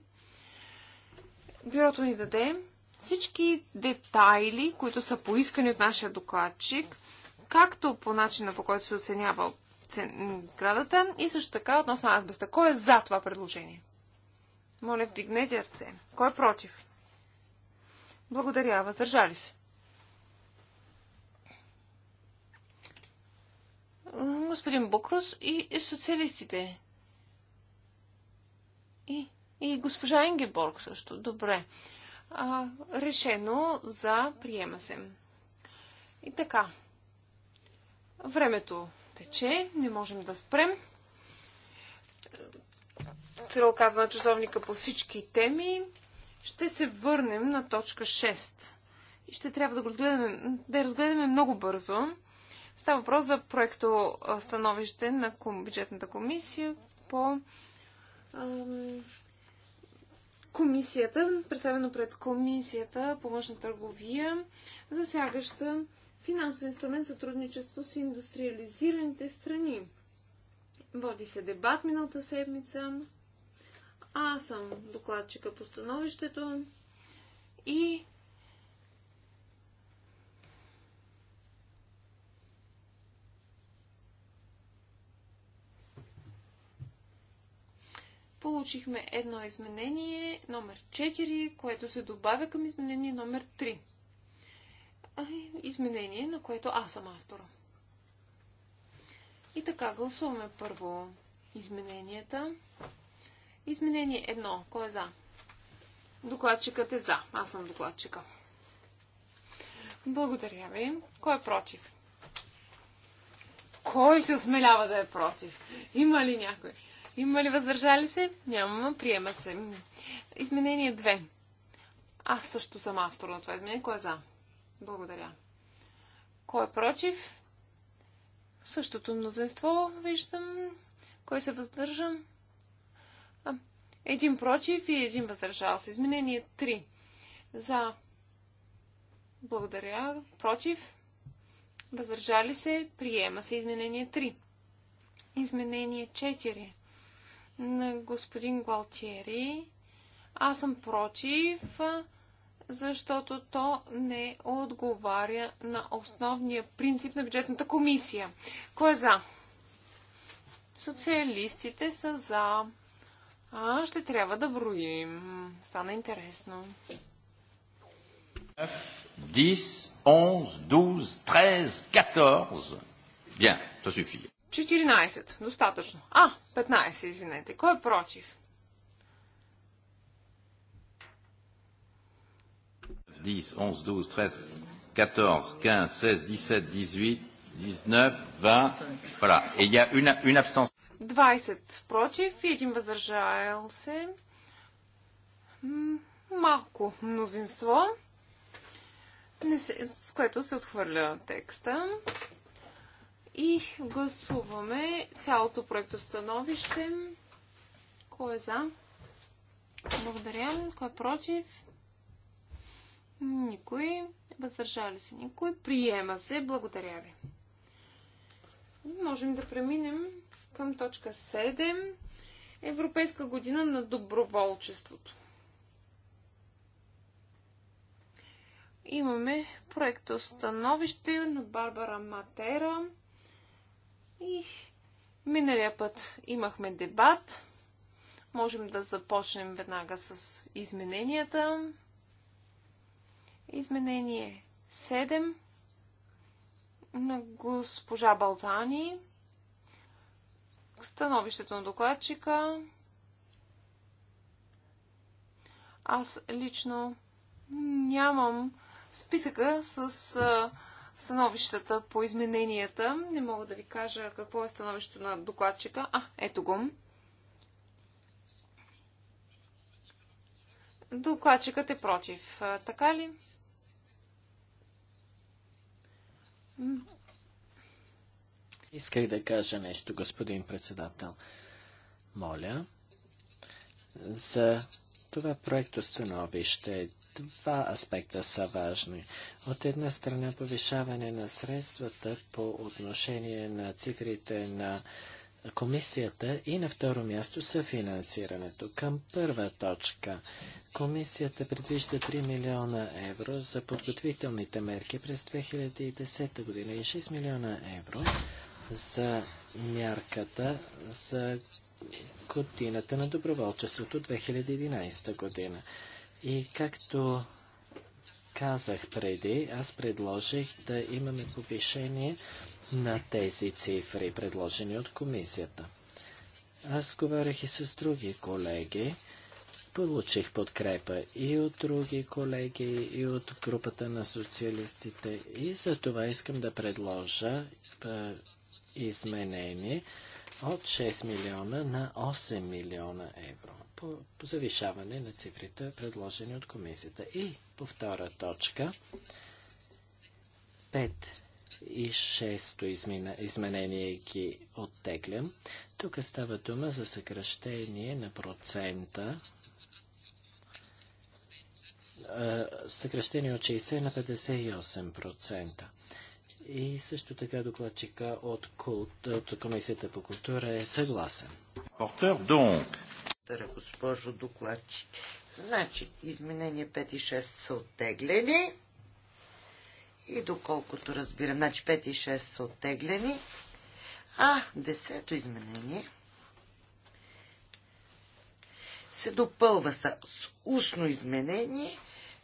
бюрото ни даде всички детайли, които са поискани от нашия докладчик, както по начина по който се оценява сградата и също така относно азбеста. Кой е за това предложение? Моля, вдигнете ръце. Кой е против? Благодаря. Въздържали се. Господин Букрус и социалистите. И, и госпожа Ингеборг също. Добре. А, решено за приема се. И така. Времето тече, не можем да спрем. казва на часовника по всички теми. Ще се върнем на точка 6. И ще трябва да го разгледаме, да я разгледаме много бързо. Става въпрос за проекто становище на бюджетната комисия по ам, комисията, представено пред комисията по външна търговия, засягаща финансов инструмент за трудничество с индустриализираните страни. Води се дебат миналата седмица. Аз съм докладчика по становището и получихме едно изменение номер 4, което се добавя към изменение номер 3 изменение, на което аз съм автора. И така, гласуваме първо измененията. Изменение едно. Кой е за? Докладчикът е за. Аз съм докладчика. Благодаря ви. Кой е против? Кой се осмелява да е против? Има ли някой? Има ли въздържали се? Няма, Приема се. Изменение 2. Аз също съм автор на това изменение. Кой е за? Благодаря. Кой е против? Същото мнозинство виждам. Кой се въздържа? А, един против и един въздържал се. Изменение 3. За. Благодаря. Против. Въздържали се. Приема се изменение 3. Изменение 4. На господин Гуалтиери. Аз съм против защото то не отговаря на основния принцип на бюджетната комисия. Кой е за? Социалистите са за. А, ще трябва да броим. Стана интересно. 9, 10, 11, 12, 13, 14. Bien, ça suffit. 14. Достатъчно. А, 15, извинете. Кой е против? 10, 11, 12, 13, 14, 15, 16, 17, 18, 19, 20. Voilà. Et il y a une, une absence. 20 против и един въздържал се. Малко мнозинство, с което се отхвърля текста. И гласуваме цялото проекто становище. Кой е за? Благодаря. Кой е против? Никой. Въздържали се никой. Приема се. Благодаря ви. Можем да преминем към точка 7. Европейска година на доброволчеството. Имаме проекто становище на Барбара Матера. И миналия път имахме дебат. Можем да започнем веднага с измененията. Изменение 7 на госпожа Балзани. Становището на докладчика. Аз лично нямам списъка с становищата по измененията. Не мога да ви кажа какво е становището на докладчика. А, ето го. Докладчикът е против. Така ли? Исках да кажа нещо, господин председател. Моля, за това проекто становище два аспекта са важни. От една страна повишаване на средствата по отношение на цифрите на комисията и на второ място са финансирането. Към първа точка комисията предвижда 3 милиона евро за подготвителните мерки през 2010 година и 6 милиона евро за мярката за годината на доброволчеството 2011 година. И както казах преди, аз предложих да имаме повишение на тези цифри, предложени от комисията. Аз говорих и с други колеги, получих подкрепа и от други колеги, и от групата на социалистите, и за това искам да предложа изменение от 6 милиона на 8 милиона евро по, по завишаване на цифрите, предложени от комисията. И по втора точка, 5 и шесто изменение ги оттеглям. Тук става дума за съкръщение на процента съкръщение от 60 на 58%. процента. И също така докладчика от, от Комисията по култура е съгласен. Портер, донк. Госпожо докладчик. Значи, изменения 5 и 6 са оттеглени. И доколкото разбирам, значи 5 и 6 са оттеглени. А, десето изменение се допълва с устно изменение,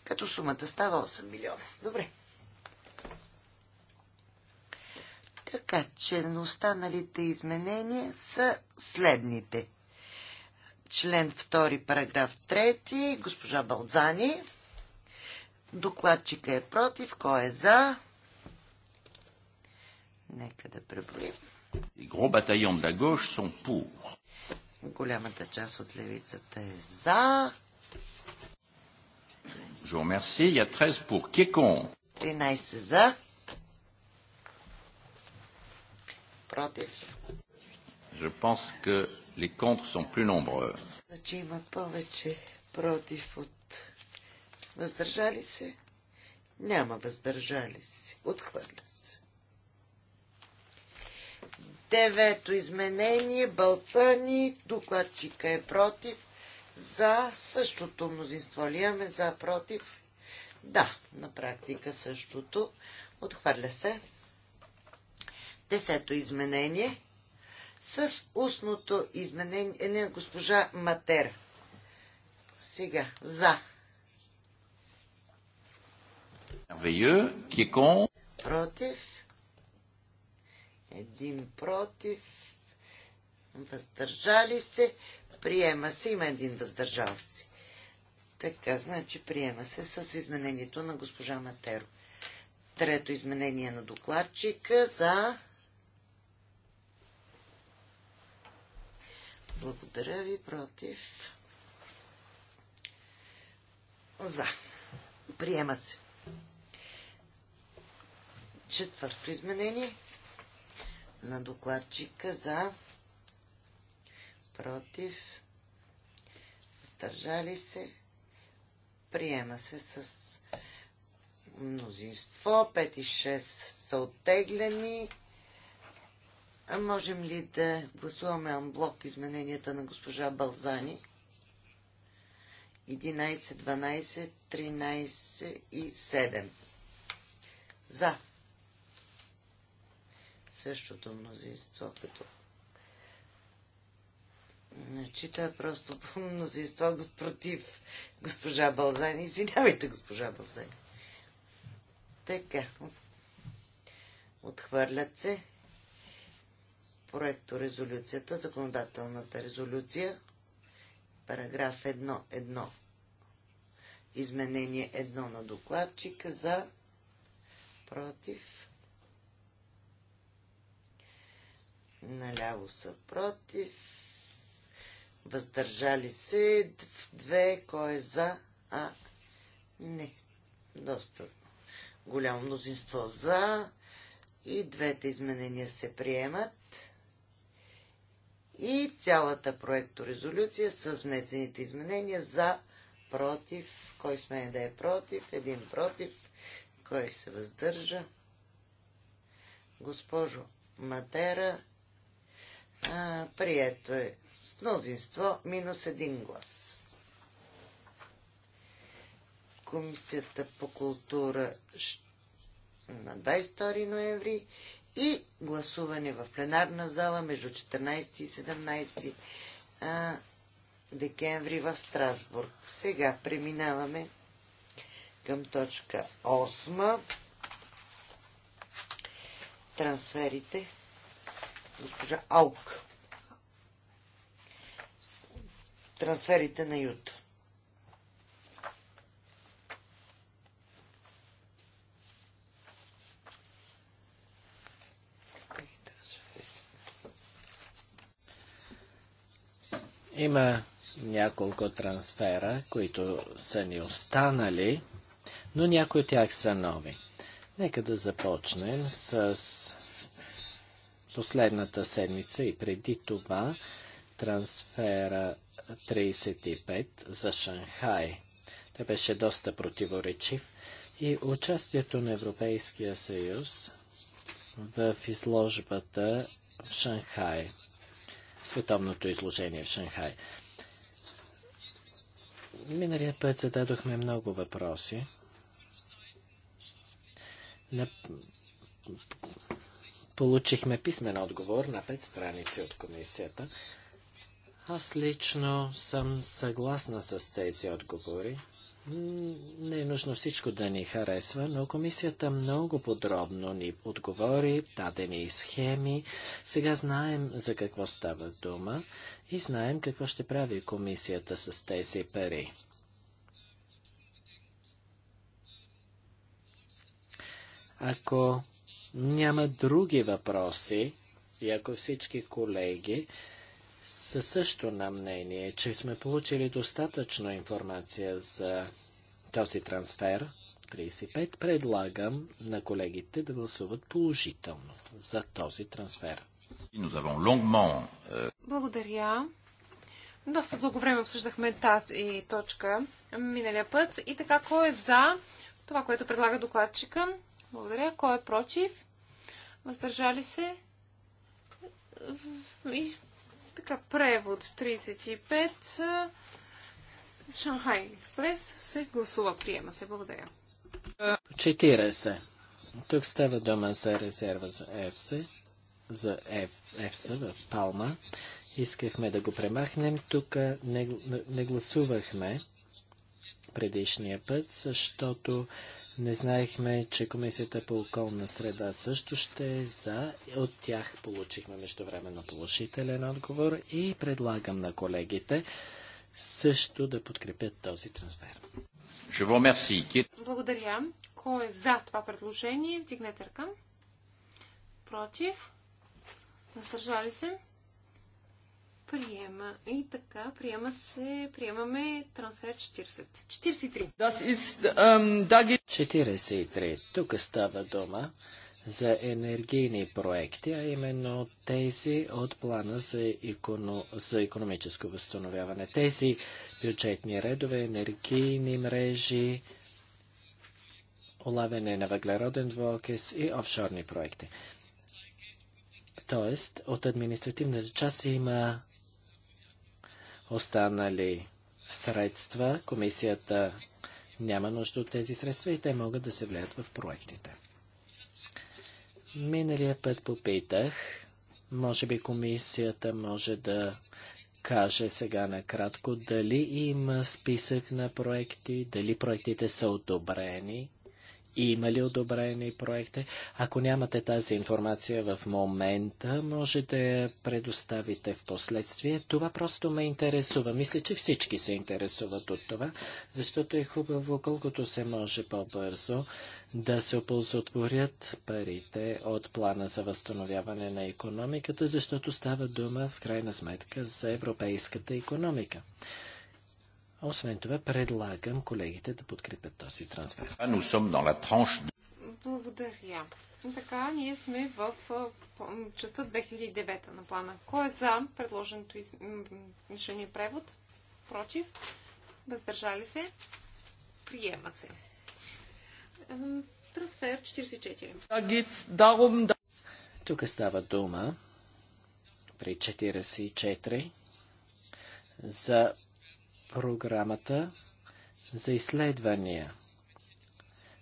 като сумата става 8 милиона. Добре. Така че на останалите изменения са следните. Член 2, параграф 3, госпожа Балзани. Докладчика е против. Кой е за? Нека да преброим. Голямата част от левицата е за. Je vous remercie. Il y a 13 pour. Qui est contre 13 е за. Против. Je pense que les contres sont plus nombreux. Значи има повече против от Въздържали се? Няма въздържали се. Отхвърля се. Девето изменение. Балцани. Докладчика е против. За същото мнозинство ли имаме? За против? Да, на практика същото. Отхвърля се. Десето изменение. С устното изменение на госпожа Матер. Сега. За. Е против. Един против. Въздържали се. Приема се. Има един въздържал се. Така, значи приема се с изменението на госпожа Матеро. Трето изменение на докладчика за... Благодаря ви, против. За. Приема се. Четвърто изменение на докладчика за против стържали се приема се с мнозинство 5 и 6 са оттеглени а можем ли да гласуваме анблок измененията на госпожа Балзани 11, 12, 13 и 7 за същото мнозинство като Значи това е просто по мнозинство против госпожа Балзани. Извинявайте, госпожа Балзани. Така. Отхвърлят се проекто резолюцията, законодателната резолюция, параграф 1.1. Изменение 1 на докладчика за против наляво са против, въздържали се, две, кой е за, а не, доста голямо мнозинство за и двете изменения се приемат и цялата проекторезолюция с внесените изменения за, против, кой смее да е против, един против, кой се въздържа. Госпожо Матера, прието е с мнозинство минус един глас. Комисията по култура на 22 ноември и гласуване в пленарна зала между 14 и 17 декември в Страсбург. Сега преминаваме към точка 8. Трансферите госпожа Аук. Трансферите на Юта. Има няколко трансфера, които са ни останали, но някои от тях са нови. Нека да започнем с последната седмица и преди това трансфера 35 за Шанхай. Той беше доста противоречив и участието на Европейския съюз в изложбата в Шанхай, световното изложение в Шанхай. Миналия път зададохме много въпроси. На... Получихме писмен отговор на пет страници от комисията. Аз лично съм съгласна с тези отговори. Не е нужно всичко да ни харесва, но комисията много подробно ни отговори, даде ни схеми. Сега знаем за какво става дума и знаем какво ще прави комисията с тези пари. Ако няма други въпроси и ако всички колеги са също на мнение, че сме получили достатъчно информация за този трансфер, 35, предлагам на колегите да гласуват положително за този трансфер. Euh, Благодаря. Доста дълго време обсъждахме тази точка миналия път. И така, кой е за това, което предлага докладчика? Благодаря. Кой е против? Въздържали се? И, така, превод 35. Шанхай експрес се гласува. Приема се. Благодаря. 40. Тук става дума за резерва за ЕФС за ЕФСА в Палма. Искахме да го премахнем. Тук не, не гласувахме предишния път, защото не знаехме, че Комисията по околна среда също ще е за. От тях получихме междувременно положителен отговор и предлагам на колегите също да подкрепят този трансфер. Благодаря. Кой е за това предложение? Вдигнете ръка. Против? Насържали се? Приема. И така, приема се, приемаме трансфер 40. 43. 43. Тук става дума за енергийни проекти, а именно тези от плана за, економ... за економическо възстановяване. Тези бюджетни редове, енергийни мрежи, улавяне на въглероден двуокис и офшорни проекти. Тоест, от административната част има останали средства, комисията няма нужда от тези средства и те могат да се влеят в проектите. Миналия път попитах, може би комисията може да каже сега накратко дали има списък на проекти, дали проектите са одобрени има ли одобрени проекти. Ако нямате тази информация в момента, може да я предоставите в последствие. Това просто ме интересува. Мисля, че всички се интересуват от това, защото е хубаво колкото се може по-бързо да се оползотворят парите от плана за възстановяване на економиката, защото става дума в крайна сметка за европейската економика. Освен това, предлагам колегите да подкрепят този трансфер. Благодаря. Така, ние сме в частта 2009 на плана. Кой е за предложеното из... решение превод? Против? Въздържали се? Приема се. Е, трансфер 44. Тук става дума при 44 за програмата за изследвания.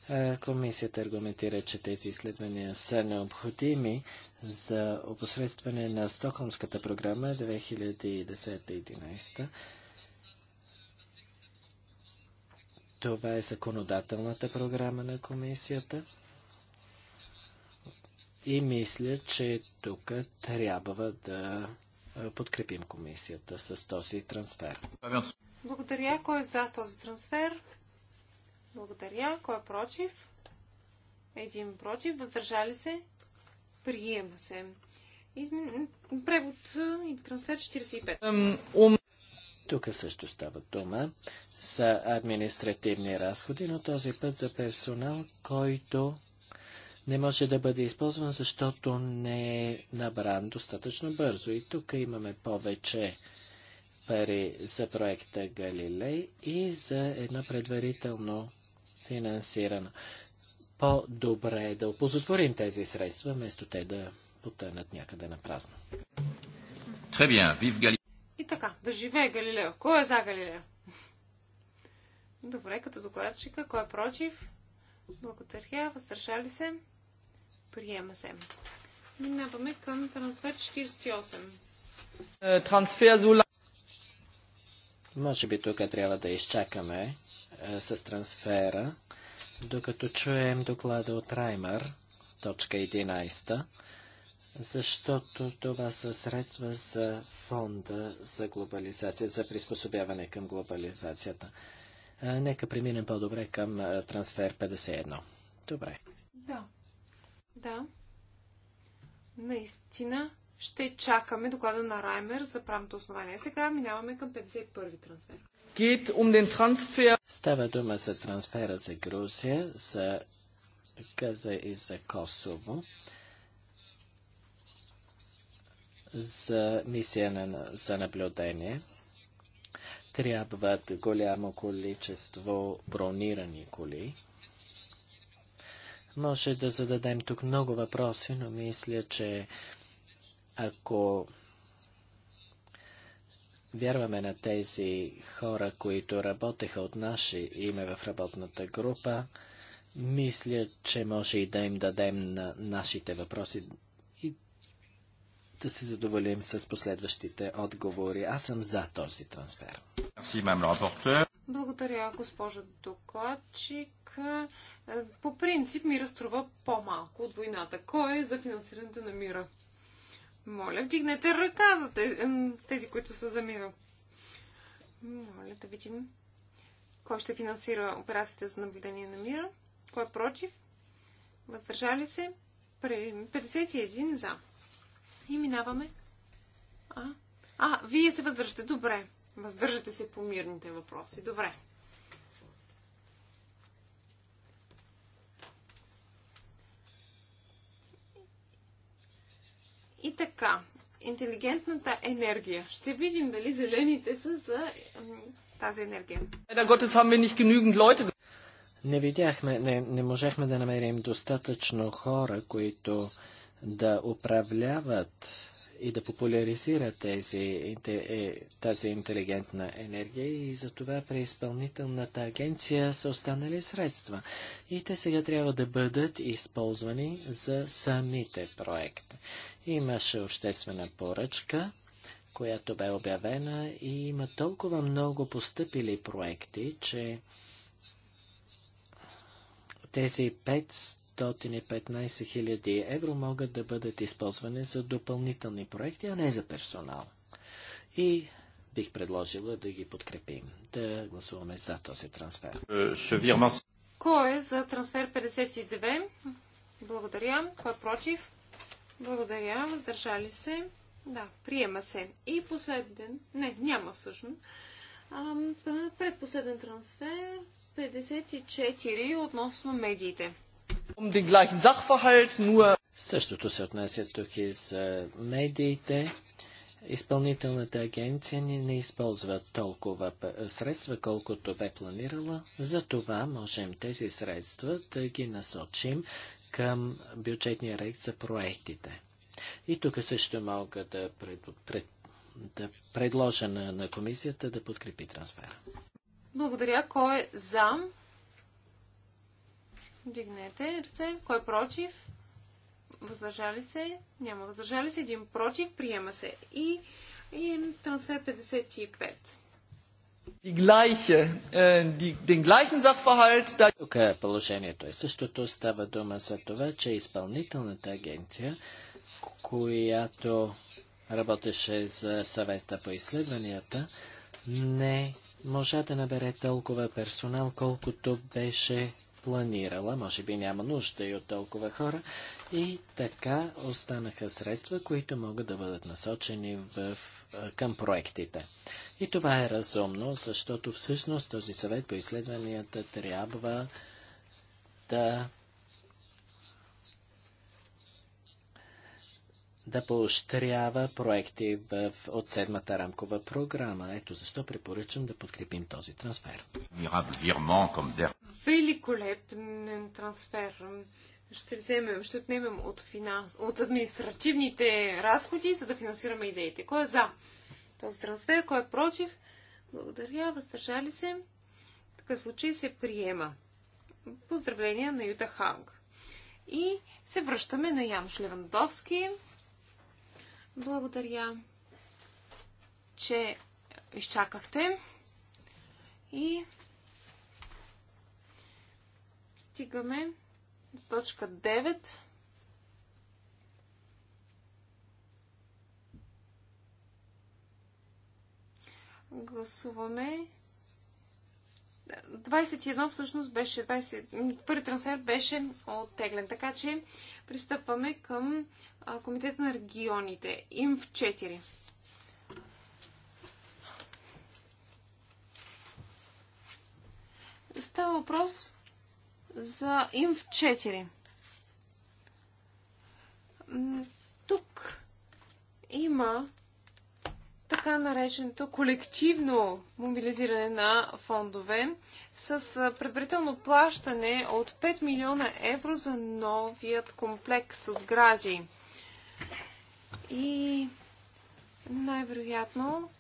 Е, комисията аргументира, че тези изследвания са необходими за опосредстване на Стокхолмската програма 2010-2011. Това е законодателната програма на комисията. И мисля, че тук трябва да е, подкрепим комисията с този трансфер. Благодаря. Кой е за този трансфер? Благодаря. Кой е против? Един против. Въздържали се? Приема се. Измен... Превод и трансфер 45. Тук също става дума за административни разходи, но този път за персонал, който не може да бъде използван, защото не е набран достатъчно бързо. И тук имаме повече пари за проекта Галилей и за едно предварително финансирана. По-добре е да опозотворим тези средства, вместо те да потънат някъде на празно. И така, да живее Галилео. Кой е за Галилео? Добре, като докладчика, кой е против? Благодаря, въздържали се. Приема се. Минаваме към трансфер 48. Е, трансфер Зула. Може би тук трябва да изчакаме е, с трансфера, докато чуем доклада от Раймър, точка 11, защото това са средства за фонда за глобализация, за приспособяване към глобализацията. Е, нека преминем по-добре към е, трансфер 51. Добре. Да. Да. Наистина ще чакаме доклада на Раймер за правното основание. Сега минаваме към 51-ви трансфер. Um Става дума за трансфера за Грузия, за Каза и за Косово, за мисия на, за наблюдение. Трябват голямо количество бронирани коли. Може да зададем тук много въпроси, но мисля, че ако вярваме на тези хора, които работеха от наше име в работната група, мисля, че може и да им дадем на нашите въпроси и да се задоволим с последващите отговори. Аз съм за този трансфер. Благодаря, госпожо докладчик. По принцип ми разтрува по-малко от войната. Кой е за финансирането на мира? Моля, вдигнете ръка за тези, тези които са за мира. Моля да видим кой ще финансира операциите за наблюдение на мира. Кой е против? Въздържали се? 51 за. И минаваме. А, а вие се въздържате. Добре. Въздържате се по мирните въпроси. Добре. И така, интелигентната енергия. Ще видим дали зелените са за тази енергия. Не видяхме, не, не можехме да намерим достатъчно хора, които да управляват и да популяризира тези, е, тази интелигентна енергия и за това преизпълнителната изпълнителната агенция са останали средства. И те сега трябва да бъдат използвани за самите проекти. Имаше обществена поръчка, която бе обявена и има толкова много постъпили проекти, че тези 500 515 000 евро могат да бъдат използвани за допълнителни проекти, а не за персонал. И бих предложила да ги подкрепим, да гласуваме за този трансфер. Е, Кой е за трансфер 52? Благодаря. Кой е против? Благодаря. Въздържали се. Да, приема се. И последен. Не, няма всъщност. Предпоследен трансфер 54 относно медиите. Um Същото се отнася тук и за медиите. Изпълнителната агенция не, не използва толкова средства, колкото бе планирала. Затова можем тези средства да ги насочим към бюджетния рейд за проектите. И тук също мога да, пред, пред, да предложа на, на комисията да подкрепи трансфера. Благодаря. Кой е за? Дигнете ръце. Кой е против? Въздържали се? Няма въздържали се. Един против. Приема се. И, и е трансфер 55. Die gleiche, äh, die, den gleichen Sachverhalt. Da... Тук е положението е същото. Става дума за това, че изпълнителната агенция, която работеше за съвета по изследванията, не можа да набере толкова персонал, колкото беше планирала, може би няма нужда и от толкова хора. И така останаха средства, които могат да бъдат насочени в, към проектите. И това е разумно, защото всъщност този съвет по изследванията трябва да да поощрява проекти в, от седмата рамкова програма. Ето защо препоръчвам да подкрепим този трансфер. Великолепен трансфер. Ще вземем, ще отнемем от, финанс, от административните разходи, за да финансираме идеите. Кой е за този трансфер, кой е против? Благодаря, въздържали се. В такъв случай се приема. Поздравления на Юта Ханг. И се връщаме на Януш Левандовски. Благодаря, че изчакахте и стигаме до точка 9. Гласуваме 21 всъщност беше, 20, първи трансфер беше оттеглен, така че Пристъпваме към Комитета на регионите. в 4. Става въпрос за в 4. Тук има така нареченото колективно мобилизиране на фондове с предварително плащане от 5 милиона евро за новият комплекс от сгради. И най-вероятно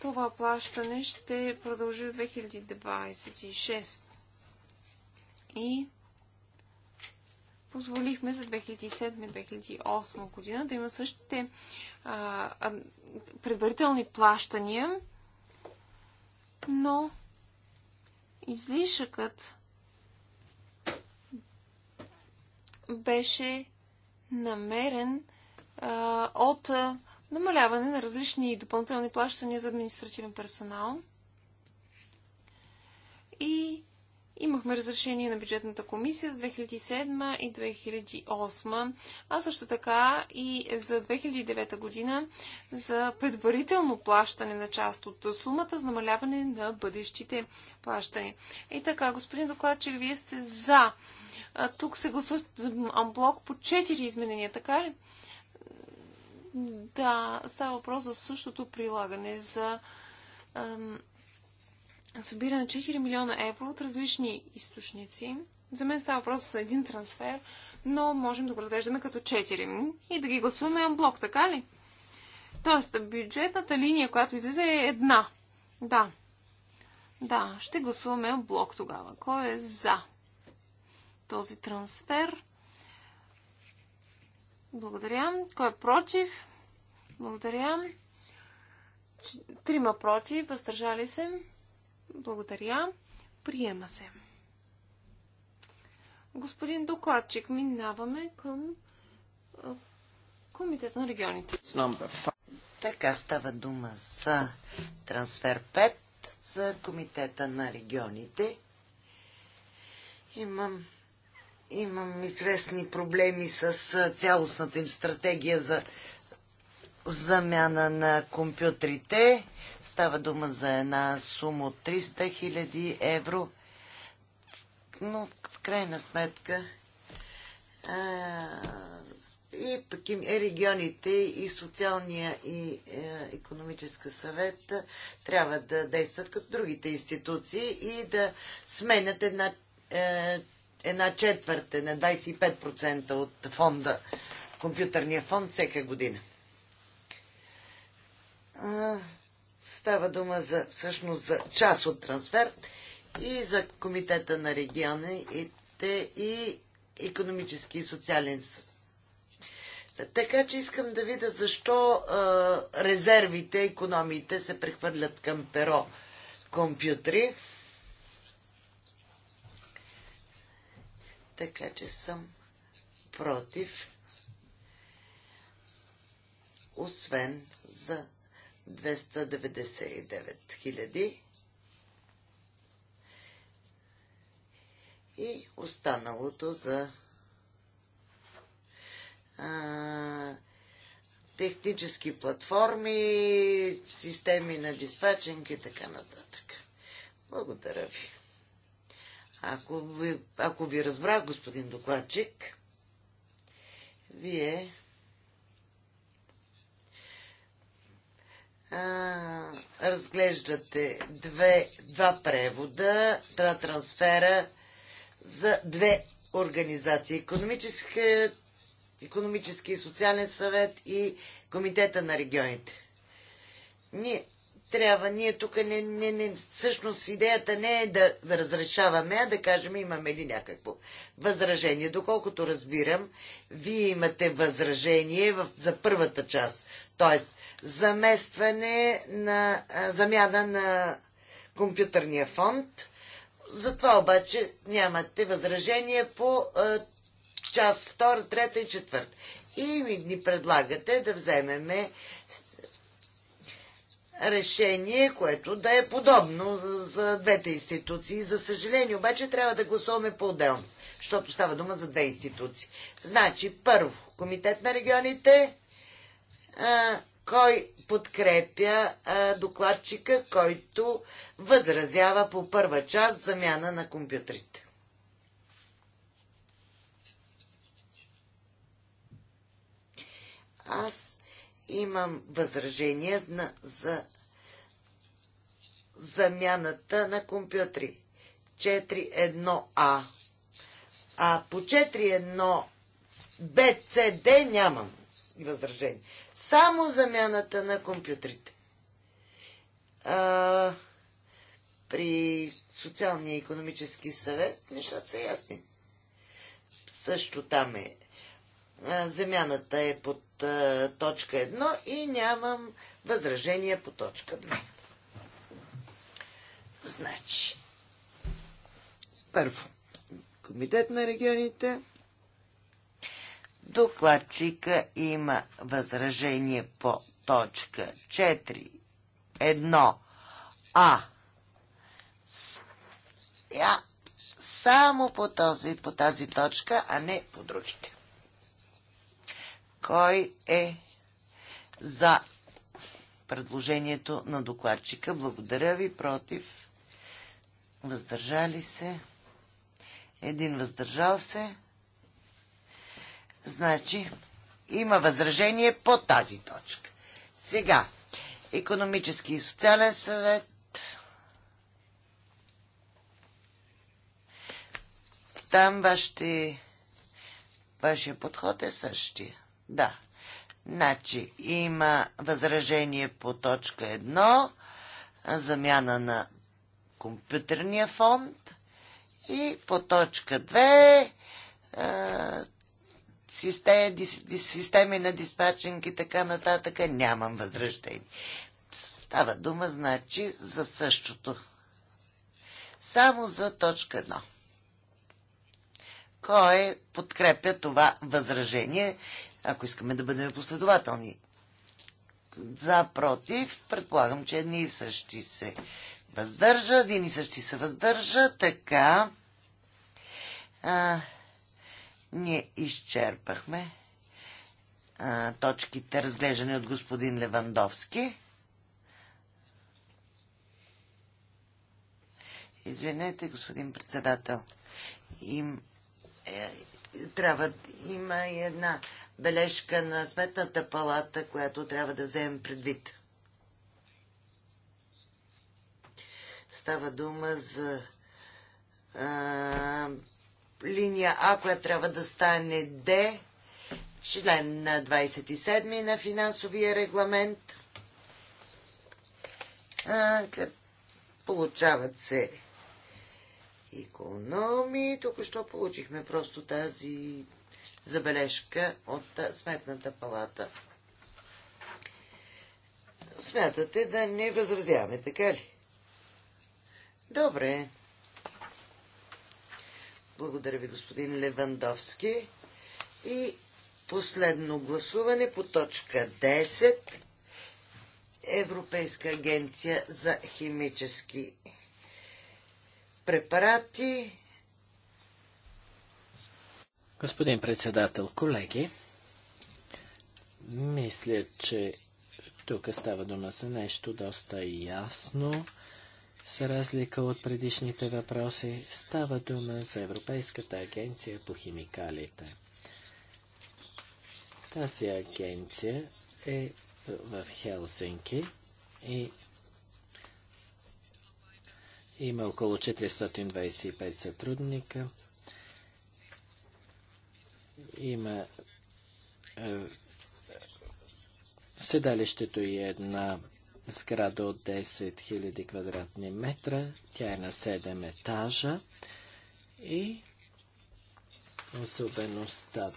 това плащане ще продължи до 2026. И позволихме за 2007-2008 година да има същите а, а, предварителни плащания, но излишъкът беше намерен а, от а, намаляване на различни допълнителни плащания за административен персонал. И Имахме разрешение на бюджетната комисия за 2007 и 2008, а също така и за 2009 година за предварително плащане на част от сумата за намаляване на бъдещите плащания. И така, господин докладчик, вие сте за. А, тук се гласува амблок по 4 изменения, така ли? Да, става въпрос за същото прилагане за събира на 4 милиона евро от различни източници. За мен става въпрос за един трансфер, но можем да го разглеждаме като 4 и да ги гласуваме блок, така ли? Тоест, бюджетната линия, която излиза е една. Да. Да, ще гласуваме блок тогава. Кой е за този трансфер? Благодаря. Кой е против? Благодаря. Трима против, въздържали се. Благодаря. Приема се. Господин докладчик, минаваме към комитета на регионите. Така става дума за трансфер 5 за Комитета на регионите. Имам, имам известни проблеми с цялостната им стратегия за замяна на компютрите. Става дума за една сума от 300 000 евро. Но в крайна сметка а, и пък и е регионите и социалния и е, економическа съвет трябва да действат като другите институции и да сменят една, е, една четвърт, на 25% от фонда, компютърния фонд всека година. Става дума за, всъщност за част от трансфер и за Комитета на региона и, те, и економически и социален така че искам да видя защо а, резервите, економиите се прехвърлят към перо компютри. Така че съм против. Освен за 299 хиляди и останалото за а, технически платформи, системи на диспаченки и така нататък. Благодаря ви. Ако ви, ако ви разбрах, господин докладчик, вие разглеждате две, два превода, два трансфера за две организации. Економическа, економически и социален съвет и Комитета на регионите. Ние трябва. Ние тук не, не, не, всъщност идеята не е да разрешаваме, а да кажем имаме ли някакво възражение. Доколкото разбирам, вие имате възражение в, за първата част, т.е. заместване на, а, замяна на компютърния фонд. Затова обаче нямате възражение по а, част втора, трета и четвърта. И ни предлагате да вземеме решение, което да е подобно за, за двете институции. За съжаление, обаче трябва да гласуваме по-отделно, защото става дума за две институции. Значи, първо, Комитет на регионите, а, кой подкрепя а, докладчика, който възразява по първа част замяна на компютрите. Аз имам възражение на, за замяната на компютри. 4.1а. А по 4.1 BCD нямам възражение. Само замяната на компютрите. А, при Социалния и економически съвет нещата са ясни. Също там е Замяната е под точка 1 и нямам възражение по точка 2. Значи, първо, Комитет на регионите. Докладчика има възражение по точка 4, а. я, само по, този, по тази точка, а не по другите. Кой е за предложението на докладчика? Благодаря ви. Против? Въздържали се? Един въздържал се. Значи, има възражение по тази точка. Сега, економически и социален съвет. Там вашите, вашия подход е същия. Да. Значи, има възражение по точка 1, замяна на компютърния фонд и по точка 2 системи, системи на диспачинг и така нататък, нямам възражение. Става дума, значи, за същото. Само за точка 1. Кой подкрепя това възражение ако искаме да бъдем последователни. За, против, предполагам, че едни и същи се въздържат, едни и същи се въздържа, така. А, ние изчерпахме а, точките, разглеждани от господин Левандовски. Извинете, господин председател. Им, е, трябва да има и една бележка на Сметната палата, която трябва да вземем предвид. Става дума за а, линия А, която трябва да стане Д, член на 27 на финансовия регламент. А, получават се економии. Тук що получихме просто тази забележка от Сметната палата. Смятате да не възразяваме, така ли? Добре. Благодаря ви, господин Левандовски. И последно гласуване по точка 10. Европейска агенция за химически препарати. Господин председател, колеги, мисля, че тук става дума за нещо доста ясно. С разлика от предишните въпроси, става дума за Европейската агенция по химикалите. Тази агенция е в Хелсинки и има около 425 сътрудника. Има е, седалището и е една сграда от 10 000 квадратни метра. Тя е на 7 етажа и особеността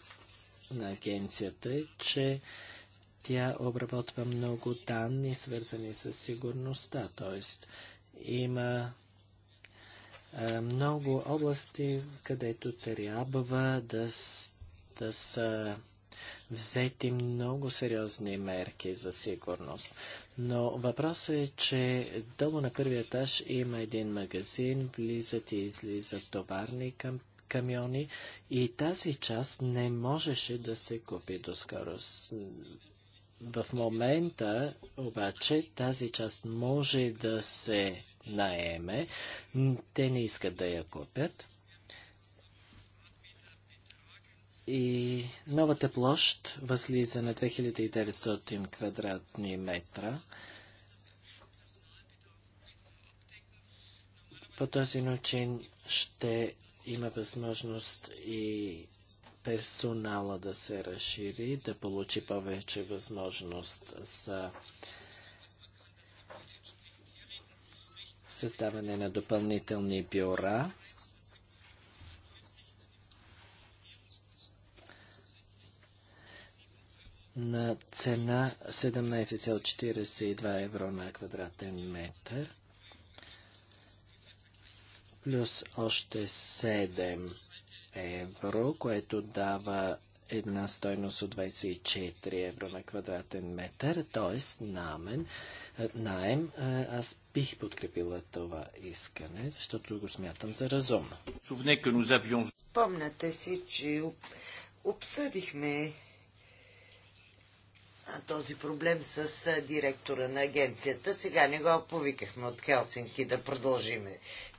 на агенцията е, че тя обработва много данни, свързани с сигурността, т.е. има е, много области, където трябва да, момента са взети много сериозни мерки за сигурност. Но въпросът е, че долу на първия етаж има един магазин, влизат и излизат товарни към камиони и тази част не можеше да се купи доскоро. В момента обаче тази част може да се наеме. Те не искат да я купят. и новата площ възлиза на 2900 квадратни метра. По този начин ще има възможност и персонала да се разшири, да получи повече възможност за създаване на допълнителни бюра. на цена 17,42 евро на квадратен метър плюс още 7 евро, което дава една стойност от 24 евро на квадратен метър, т.е. намен, найем. Аз бих подкрепила това искане, защото го смятам за разумно. Помняте си, че обсъдихме този проблем с директора на агенцията. Сега не го повикахме от Хелсинки да продължим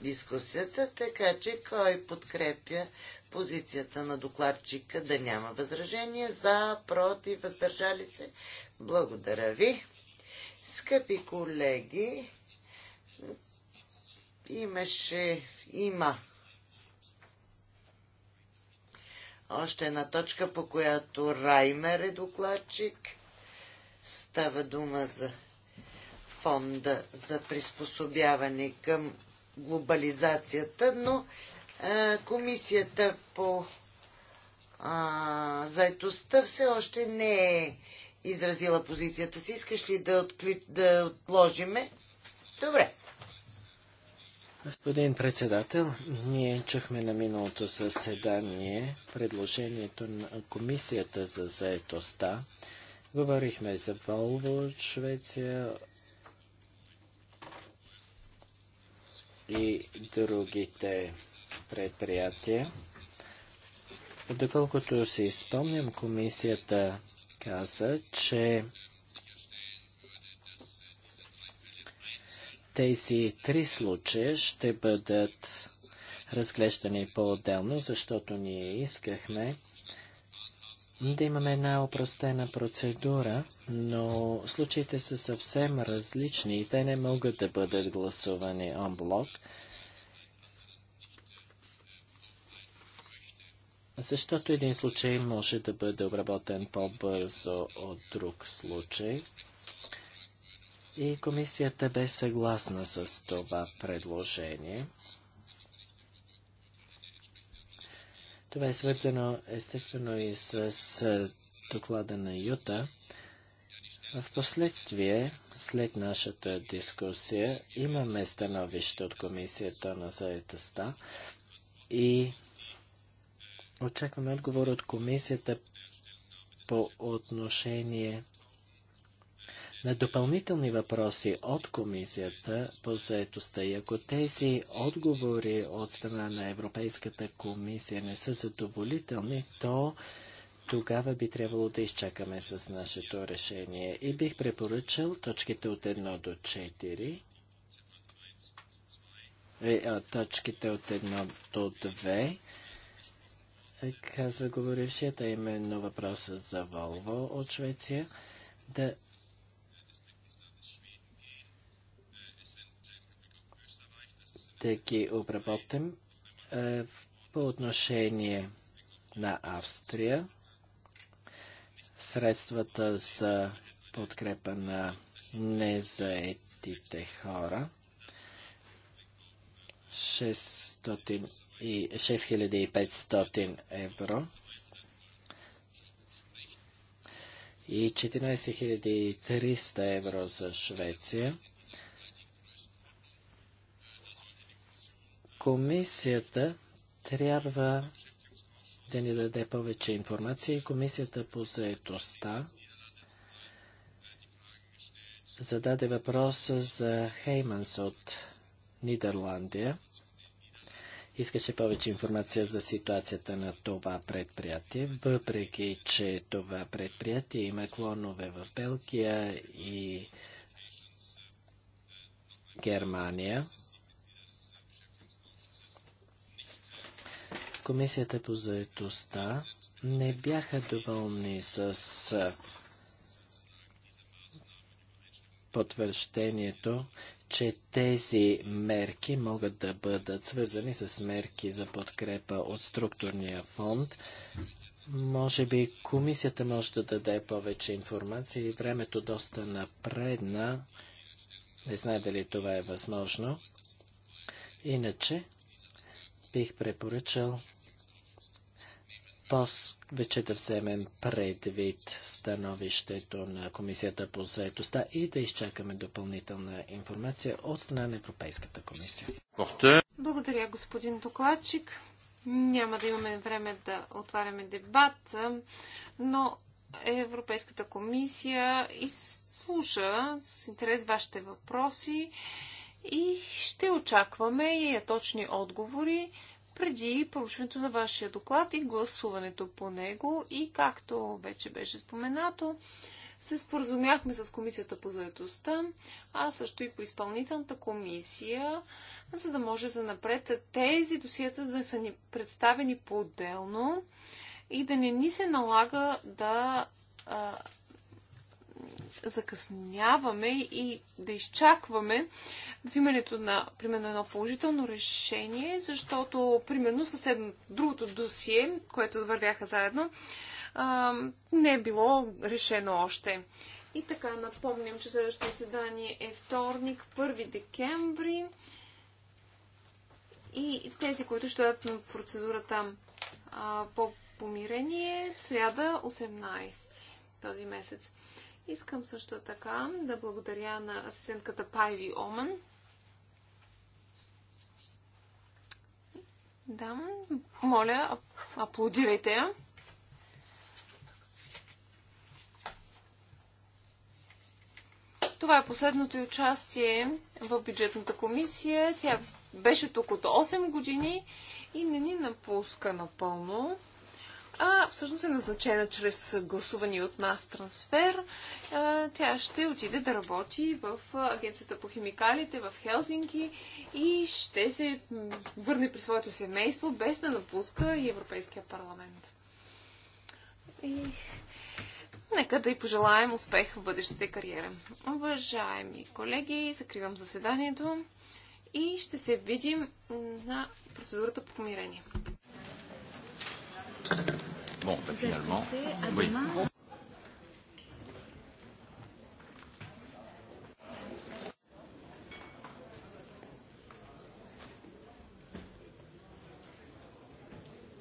дискусията, така че кой подкрепя позицията на докладчика да няма възражение за, против, въздържали се. Благодаря ви. Скъпи колеги, имаше, има още една точка, по която Раймер е докладчик – Става дума за фонда за приспособяване към глобализацията, но а, комисията по а, заедостта все още не е изразила позицията си. Искаш ли да, откли... да отложиме? Добре. Господин председател, ние чухме на миналото заседание предложението на Комисията за заедостта Говорихме за Волво, Швеция и другите предприятия. Доколкото си спомням, комисията каза, че тези три случая ще бъдат разглеждани по-отделно, защото ние искахме да имаме една опростена процедура, но случаите са съвсем различни и те не могат да бъдат гласувани онблок. Защото един случай може да бъде обработен по-бързо от друг случай. И комисията бе съгласна с това предложение. Това е свързано естествено и с доклада на Юта. В последствие, след нашата дискусия, имаме становище от Комисията на заедостта и очакваме отговор от Комисията по отношение на допълнителни въпроси от комисията по заетостта и ако тези отговори от страна на Европейската комисия не са задоволителни, то тогава би трябвало да изчакаме с нашето решение. И бих препоръчал точките от 1 до 4 е, точките от 1 до 2, казва говорившията именно въпроса за Волво от Швеция, да да ги обработим е, по отношение на Австрия. Средствата за подкрепа на незаетите хора. 6500 евро и 14300 евро за Швеция. Комисията трябва да ни даде повече информация и Комисията по заедостта зададе въпроса за Хейманс от Нидерландия. Искаше повече информация за ситуацията на това предприятие, въпреки че това предприятие има клонове в Белгия и Германия. Комисията по заедостта не бяха доволни с потвърждението, че тези мерки могат да бъдат свързани с мерки за подкрепа от структурния фонд. Може би комисията може да даде повече информация и времето доста напредна. Не знае дали това е възможно. Иначе бих препоръчал по-вече да вземем предвид становището на Комисията по заедостта и да изчакаме допълнителна информация от страна на Европейската комисия. Благодаря, господин докладчик. Няма да имаме време да отваряме дебат, но Европейската комисия изслуша с интерес вашите въпроси и ще очакваме и точни отговори преди проучването на вашия доклад и гласуването по него. И както вече беше споменато, се споразумяхме с Комисията по заедостта, а също и по изпълнителната комисия, за да може за напред тези досиета да са ни представени по-отделно и да не ни се налага да а, закъсняваме и да изчакваме взимането на, примерно, едно положително решение, защото, примерно, съседно другото досие, което вървяха заедно, не е било решено още. И така, напомням, че следващото заседание е вторник, 1 декември. И тези, които ще дадат на процедурата по помирение, сряда 18 този месец. Искам също така да благодаря на асистентката Пайви Омен. Да, моля, аплодирайте я. Това е последното й участие в бюджетната комисия. Тя беше тук от 8 години и не ни напуска напълно а всъщност е назначена чрез гласувани от нас трансфер. Тя ще отиде да работи в Агенцията по химикалите в Хелзинки и ще се върне при своето семейство, без да напуска и Европейския парламент. И... Нека да й пожелаем успех в бъдещите кариера. Уважаеми колеги, закривам заседанието и ще се видим на процедурата по помирение. Bon, ben, finalement. Oui.